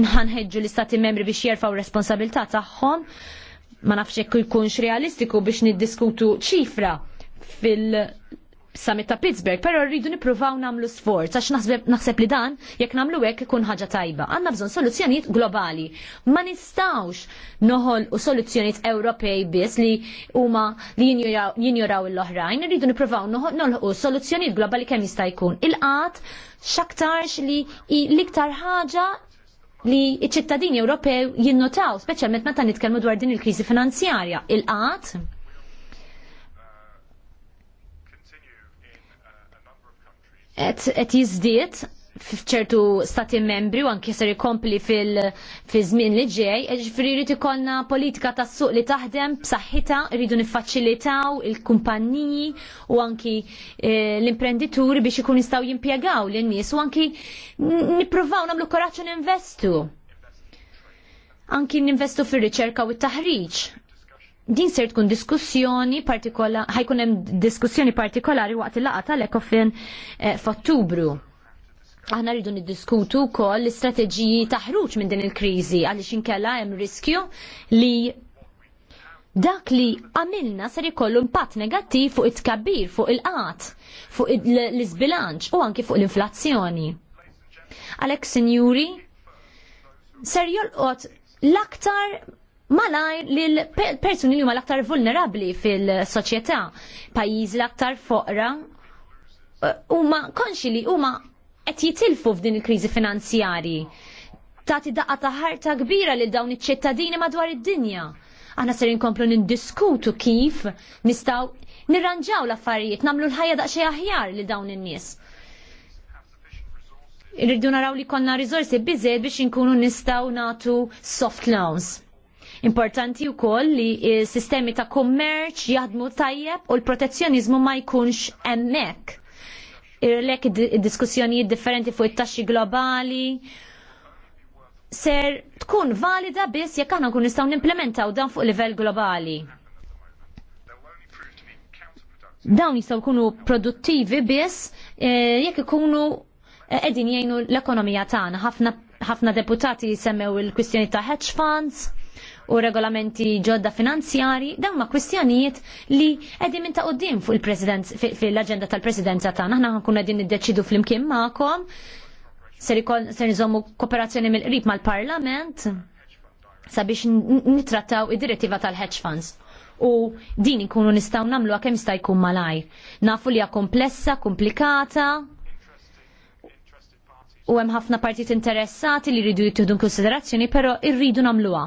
inħanħeġġu l-istati membri biex jerfaw responsabilità tagħhom ma nafx jekk jkunx realistiku biex niddiskutu ċifra fil summit ta' Pittsburgh, pero rridu nippruvaw nagħmlu sforz għax naħseb li dan jekk nagħmlu hekk ikun ħaġa tajba. Għanna bżon soluzzjonijiet globali. Ma nistgħux noħol u soluzzjonijiet Ewropej biss li huma li jinjoraw l-oħrajn, rridu nippruvaw u soluzzjonijiet globali kemm jista' jkun. Il-qatt x'aktarx li l-iktar ħaġa li ċ-ċittadini Ewropew jinnotaw, speċjalment meta nitkellmu dwar din il-kriżi finanzjarja. Il-qatt qed jiżdied f'ċertu stati membri u anki ser ikompli fil-żmien li ġej, e ġifieri rrit ikollna politika tas-suq li taħdem b'saħħita rridu niffaċilitaw il-kumpanniji u anki e, l-imprendituri biex ikun jistgħu jimpjegaw lin-nies u anki nippruvaw nagħmlu koraġġ u ninvestu. Anki ninvestu fir-riċerka u t-taħriġ din ser tkun diskussjoni partikolari, ħajkun hemm diskussjoni partikolari waqt il-laqa tal-Ekofin eh, f'Ottubru. Aħna rridu niddiskutu wkoll l-istrateġiji ta' ħruġ minn din il-kriżi għaliex inkella hemm riskju li dak li għamilna ser ikollu impatt negattiv fuq it-tkabbir, fuq il-qat, fuq l isbilanċ u anki fuq l-inflazzjoni. Alex Sinjuri, ser jolqot l-aktar malajr lil persuni li huma l-aktar vulnerabbli fil-soċjetà, pajjiżi l-aktar foqra uh, huma konxi li huma qed jitilfu f'din il-kriżi finanzjarji. Tagħti daqqa ta' ħarta kbira lil dawn iċ-ċittadini madwar id-dinja. Aħna ser inkomplu nindiskutu kif nistgħu nirranġaw l-affarijiet, nagħmlu l-ħajja daqsxejn aħjar li dawn in-nies. Irridu naraw li konna riżorsi biżejjed biex inkunu nistgħu nagħtu soft loans Importanti wkoll li s sistemi ta' kummerċ jaħdmu tajjeb u l-protezzjonizmu ma jkunx hemmhekk. Irlek diskussjonijiet differenti fuq it-taxxi globali ser tkun valida biss jekk aħna nkun nistgħu nimplementaw dan fuq livell globali. Dawn jistgħu jkunu produttivi biss eh, jekk ikunu eh, qegħdin jgħinu l-ekonomija tagħna. Ħafna deputati semmew il-kwistjoni ta' hedge funds, u regolamenti ġodda finanzjari, dawn ma kwistjonijiet li qegħdin minn ta' fuq il-President fil-aġenda tal-Presidenza tagħna, aħna nkun qegħdin niddeċidu flimkien ma'kom, ser nizomu kooperazzjoni mill-qrib mal-Parlament sabiex nitrattaw id-direttiva tal-hedge funds u din ikunu nistaw namlu kemm jista' jkun malajr. Nafu li hija komplessa, komplikata, u hemm ħafna partit interessati li jridu jittieħdu konsiderazzjoni, però rridu nagħmluha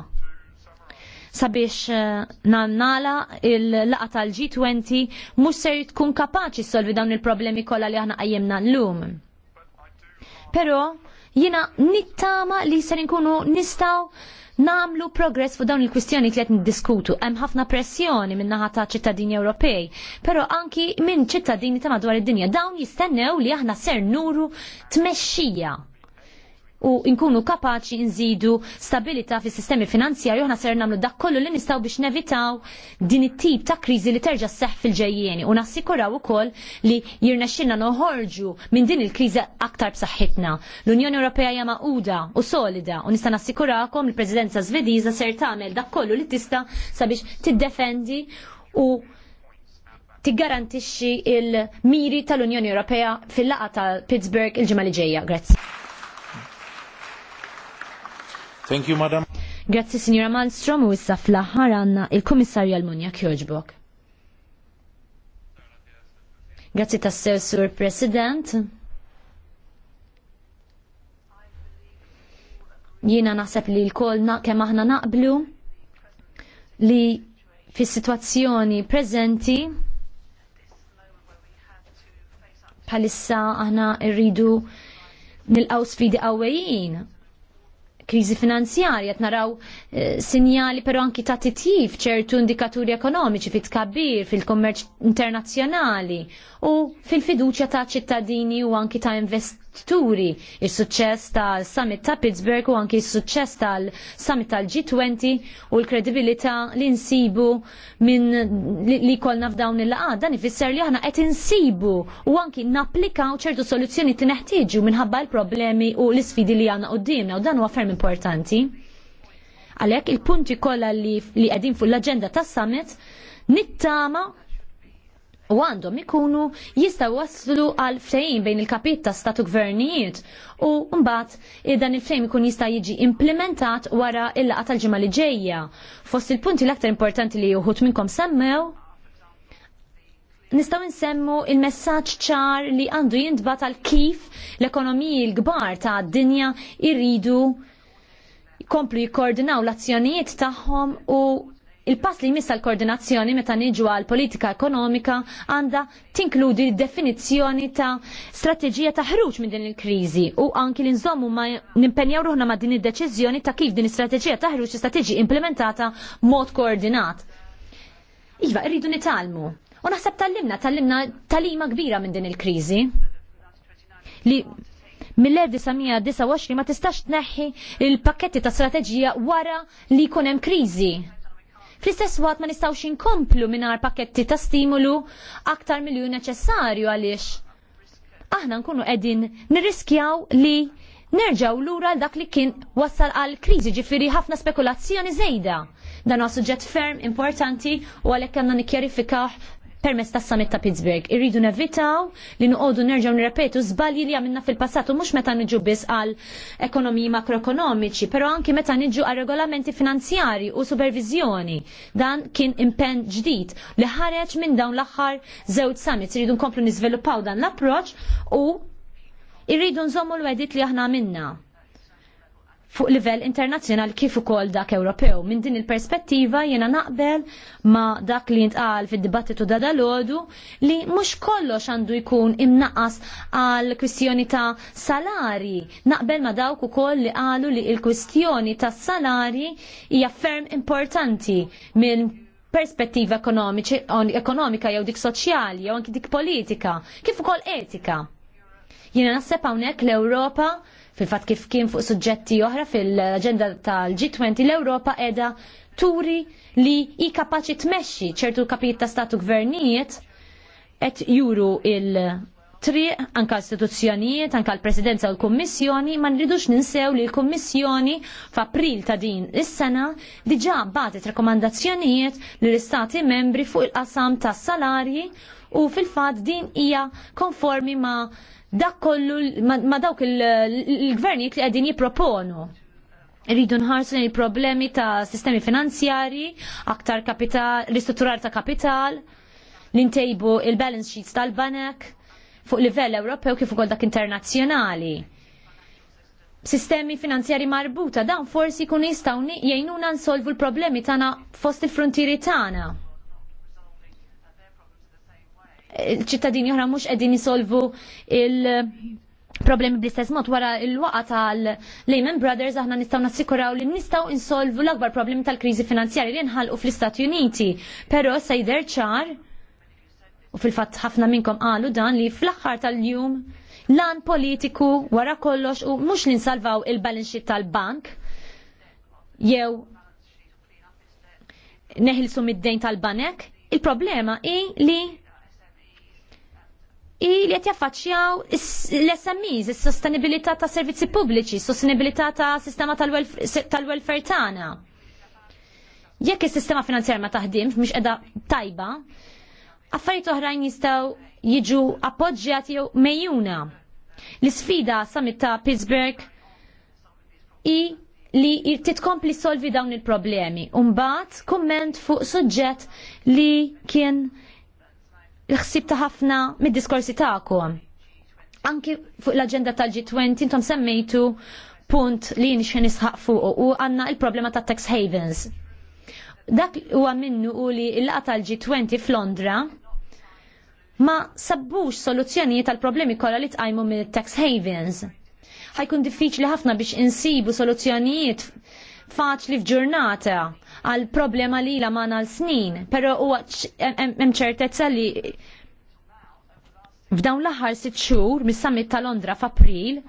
sabiex eh, nannala il-laqa tal-G20 mhux ser tkun kapaċi solvi dawn il-problemi kollha li aħna l llum. Però jiena nittama li ser nkunu nistgħu namlu progress fuq dawn il-kwistjoni li qed niddiskutu. Hemm ħafna pressjoni min naħa ta' ċittadini Ewropej, però anki minn ċittadini ta' madwar id-dinja dawn jistennew li aħna ser nuru tmexxija u nkunu kapaċi nżidu stabilità fis sistemi finanzjarju ħna ser nagħmlu dak kollu li nistgħu biex nevitaw din it-tip ta' kriżi li terġa' sseħħ fil-ġejjieni u nassikuraw ukoll li jirnexxinna noħorġu minn din il-kriżi aktar b'saħħitna. L-Unjoni Ewropea hija maquda u solida u nista' nassikurakom il-Presidenza Żvediża ser tagħmel dak kollu li tista' sabiex tiddefendi u tiggarantixxi il-miri tal-Unjoni Ewropea fil-laqa ta' Pittsburgh il-ġimgħa li ġejja. Grazzi. Thank you, madam. Grazzi, signora Malmstrom, u issa fl-aħħar għandna il-Kummissarju Almunja Kjoġbok. Grazzi tassew, Sur President. Jiena naħseb li l kemm aħna naqblu li fis situazzjoni preżenti bħalissa aħna rridu nilqaw sfidi qawwejin kriżi finanzjarja, qed naraw eh, sinjali però anki ta' titjif ċertu indikaturi ekonomiċi fit tkabbir fil-kommerċ internazzjonali u fil-fiduċja ta' ċittadini u anki ta' invest turi il-suċċess tal-Summit ta' Pittsburgh u anki il-suċċess tal-Summit tal-G20 u l-kredibilità li nsibu minn li kolna f'dawn il laqgħa Dan ifisser li aħna qed insibu u anki napplikaw ċertu soluzzjoni t minħabba l-problemi u l-isfidi li għandna qoddimna u dan huwa ferm importanti. Għalhekk il-punti kollha li qegħdin fuq l-aġenda tas-summit nittama u għandhom ikunu jistaw waslu għal fejn bejn il-kapit ta' statu gvernijiet u mbagħad eh, dan il fejn ikun jista' jiġi implementat wara il-laqa tal-ġimgħa li ġejja. Fost il-punti l-aktar importanti li uħut minnkom semmew, nistaw nsemmu il-messaġġ ċar li għandu jintbat għal kif l-ekonomiji l-kbar ta' dinja irridu komplu jikkoordinaw l-azzjonijiet tagħhom u il-pass li jmissa l-koordinazzjoni meta niġu għal politika ekonomika għanda tinkludi definizzjoni ta' strateġija ta' ħruġ minn din il-kriżi u anki li nżommu ma nimpenjaw ruħna ma' din id-deċiżjoni ta' kif din strategija ta' ħruġ tista' tiġi implementata mod koordinat. Iva, irridu nitalmu. U naħseb tal-limna, tal-limna tal-lima kbira minn din il-kriżi. Li mill-1929 ma tistax tneħħi il-pakketti ta' strateġija wara li jkun hemm kriżi. Fl-istess waqt ma nistgħux inkomplu mingħajr pakketti ta' stimulu aktar milju neċessarju għaliex. Aħna nkunu qegħdin nirriskjaw li nerġaw lura dak li kien wassal għal kriżi ġifiri ħafna spekulazzjoni żejda. Dan huwa suġġett ferm importanti u għalhekk għandna nikkjarifikaw permess tas summit ta' Pittsburgh. Irridu nevitaw li nuqodu nerġgħu nirrepetu żbalji li għamilna fil-passat u mhux meta niġu biss għal ekonomiji makroekonomiċi, però anki meta niġu għal regolamenti finanzjari u supervizjoni. Dan kien impenn ġdid li ħareġ minn dawn l-aħħar żewġ summits. Irridu nkomplu niżviluppaw dan l-approċċ u irridu nżommu l-wedit li aħna minna fuq livell internazzjonal kif ukoll dak Ewropew. Minn din il-perspettiva jiena naqbel ma dak li ntqal fid-dibattitu da dalodu li mhux kollox għandu jkun imnaqas għal kwistjoni ta' salari. Naqbel ma dawk ukoll li qalu li l-kwistjoni ta' salari hija ferm importanti minn perspettiva ekonomika jew dik soċjali jew anki dik politika, kif ukoll etika. Jiena naħseb hawnhekk l-Ewropa Fil-fat kif kien fuq suġġetti oħra fil-agenda tal-G20 l-Ewropa edha turi li i kapaċi tmexxi ċertu kapijiet ta' statu gvernijiet et juru il- triq anka istituzzjonijiet, anka l-Presidenza u l-Kommissjoni, ma nridux ninsew li l-Kommissjoni f'April ta' din is-sena diġa' batet rekomandazzjonijiet lill istati membri fuq il-qasam tas salarji u fil-fat din hija konformi ma dak kollu ma dawk il-gvernijiet li qegħdin jipproponu. Rridu nħarsu il problemi ta' sistemi finanzjari, aktar kapital, ristrutturar ta' kapital, l-intejbu il-balance sheets tal-banek fuq livell Ewropew kif ukoll dak internazzjonali sistemi finanzjari marbuta dan forsi kun jistgħu jgħinuna nsolvu l-problemi tagħna fost il-frontieri tagħna ċittadini oħra mhux qegħdin isolvu il- problemi bl-istess mod wara l-waqa tal-Lehman Brothers aħna nistgħu nassikuraw li nistgħu insolvu l-akbar problemi tal-kriżi finanzjarja li nħalqu fl-Istati Uniti. Però sejder ċar u fil-fatt ħafna minnkom qalu dan li fl-aħħar tal-jum lan politiku wara kollox u mhux li nsalvaw il-balance sheet tal-bank jew neħilsu mid-dejn tal-banek, il-problema hi li i li qed jaffaċċjaw l-SMEs, is-sostenibilità ta' servizzi pubbliċi, sostenibilità ta' sistema tal-welfare tagħna. Jekk is-sistema finanzjar ma taħdimx mux qiegħda tajba, affarijiet oħrajn jistgħu jiġu appoġġjati jew mejjuna. L-isfida summit ta' Pittsburgh i li titkompli solvi dawn il-problemi. Umbat, komment fuq suġġett li kien l-ħsib ta' ħafna mid-diskorsi tagħkom. Anki fuq l-aġenda tal-G20 intom semmejtu punt li xejn nisħaq fuq u għanna il-problema ta' tax havens. Dak huwa minnu u li l-laqa tal-G20 f'Londra ma sabbux soluzzjonijiet tal-problemi kollha li tqajmu minn tax havens. Ħajkun diffiċli ħafna biex insibu soluzzjonijiet faċli f'ġurnata għal problema li la man għal snin, pero u hemm ċertezza li f'dawn l-aħħar sitt xhur mis-summit ta' Londra f'April,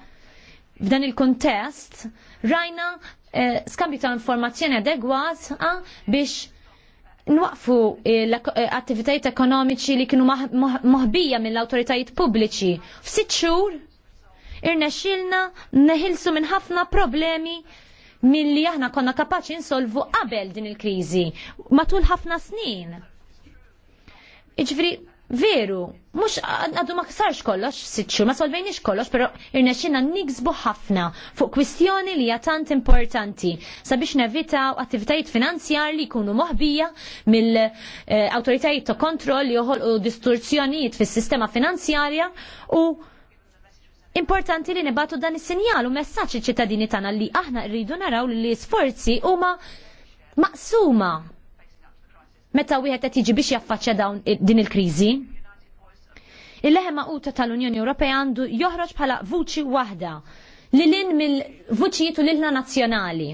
f'dan il-kontest, rajna eh, skambju ta' informazzjoni adegwat ah, biex nwaqfu eh, l-attivitajiet eh, ekonomiċi li kienu moħbija mill-autoritajiet pubbliċi. F'sitt xhur irnexxilna neħilsu minn ħafna problemi milli aħna konna kapaċi insolvu qabel din il-kriżi matul ħafna snin. Iġveri, veru, mux għadu ma ksarx kollox, sitxu, ma solvejniex kollox, pero irnexina niksbu ħafna fuq kwistjoni li hija tant importanti sabiex nevitaw attivitajiet finanzjar li jkunu moħbija mill-autoritajiet eh, ta' kontrol li u distorzjonijiet fis-sistema finanzjarja u Importanti li nibatu dan is-sinjal u messaġġ iċ-ċittadini tagħna li aħna rridu naraw li l-isforzi huma maqsuma meta wieħed qed jiġi biex jaffaċċja dawn din il-kriżi. Il-leħem maquta tal-Unjoni Ewropea għandu joħroġ bħala vuċi waħda li lin mill-vuċijiet u lilna nazzjonali.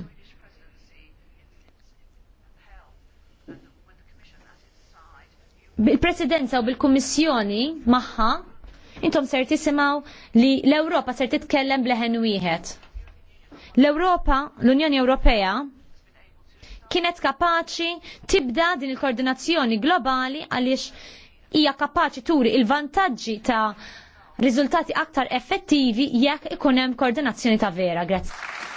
Bil-presidenza u bil-kummissjoni maħħa intom ser tisimaw li l-Ewropa ser titkellem bleħen wieħed. L-Ewropa, l-Unjoni Ewropea, kienet kapaċi tibda din il-koordinazzjoni globali għaliex hija kapaċi turi il-vantaġġi ta' riżultati aktar effettivi jekk ikun hemm koordinazzjoni ta' vera. Grazie.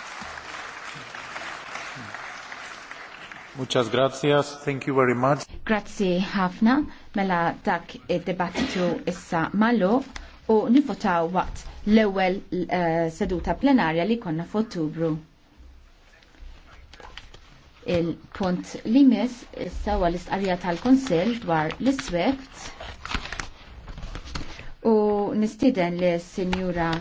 Muchas gracias, thank you very much. Grazzi ħafna, mela dak id-debattitu issa malu u nifotaw waqt l-ewel eh, seduta plenarja li konna f'Ottubru. Il-punt li mis issa huwa l-istqarrija tal-Konsill dwar l-Swift u nistiden li Sinjura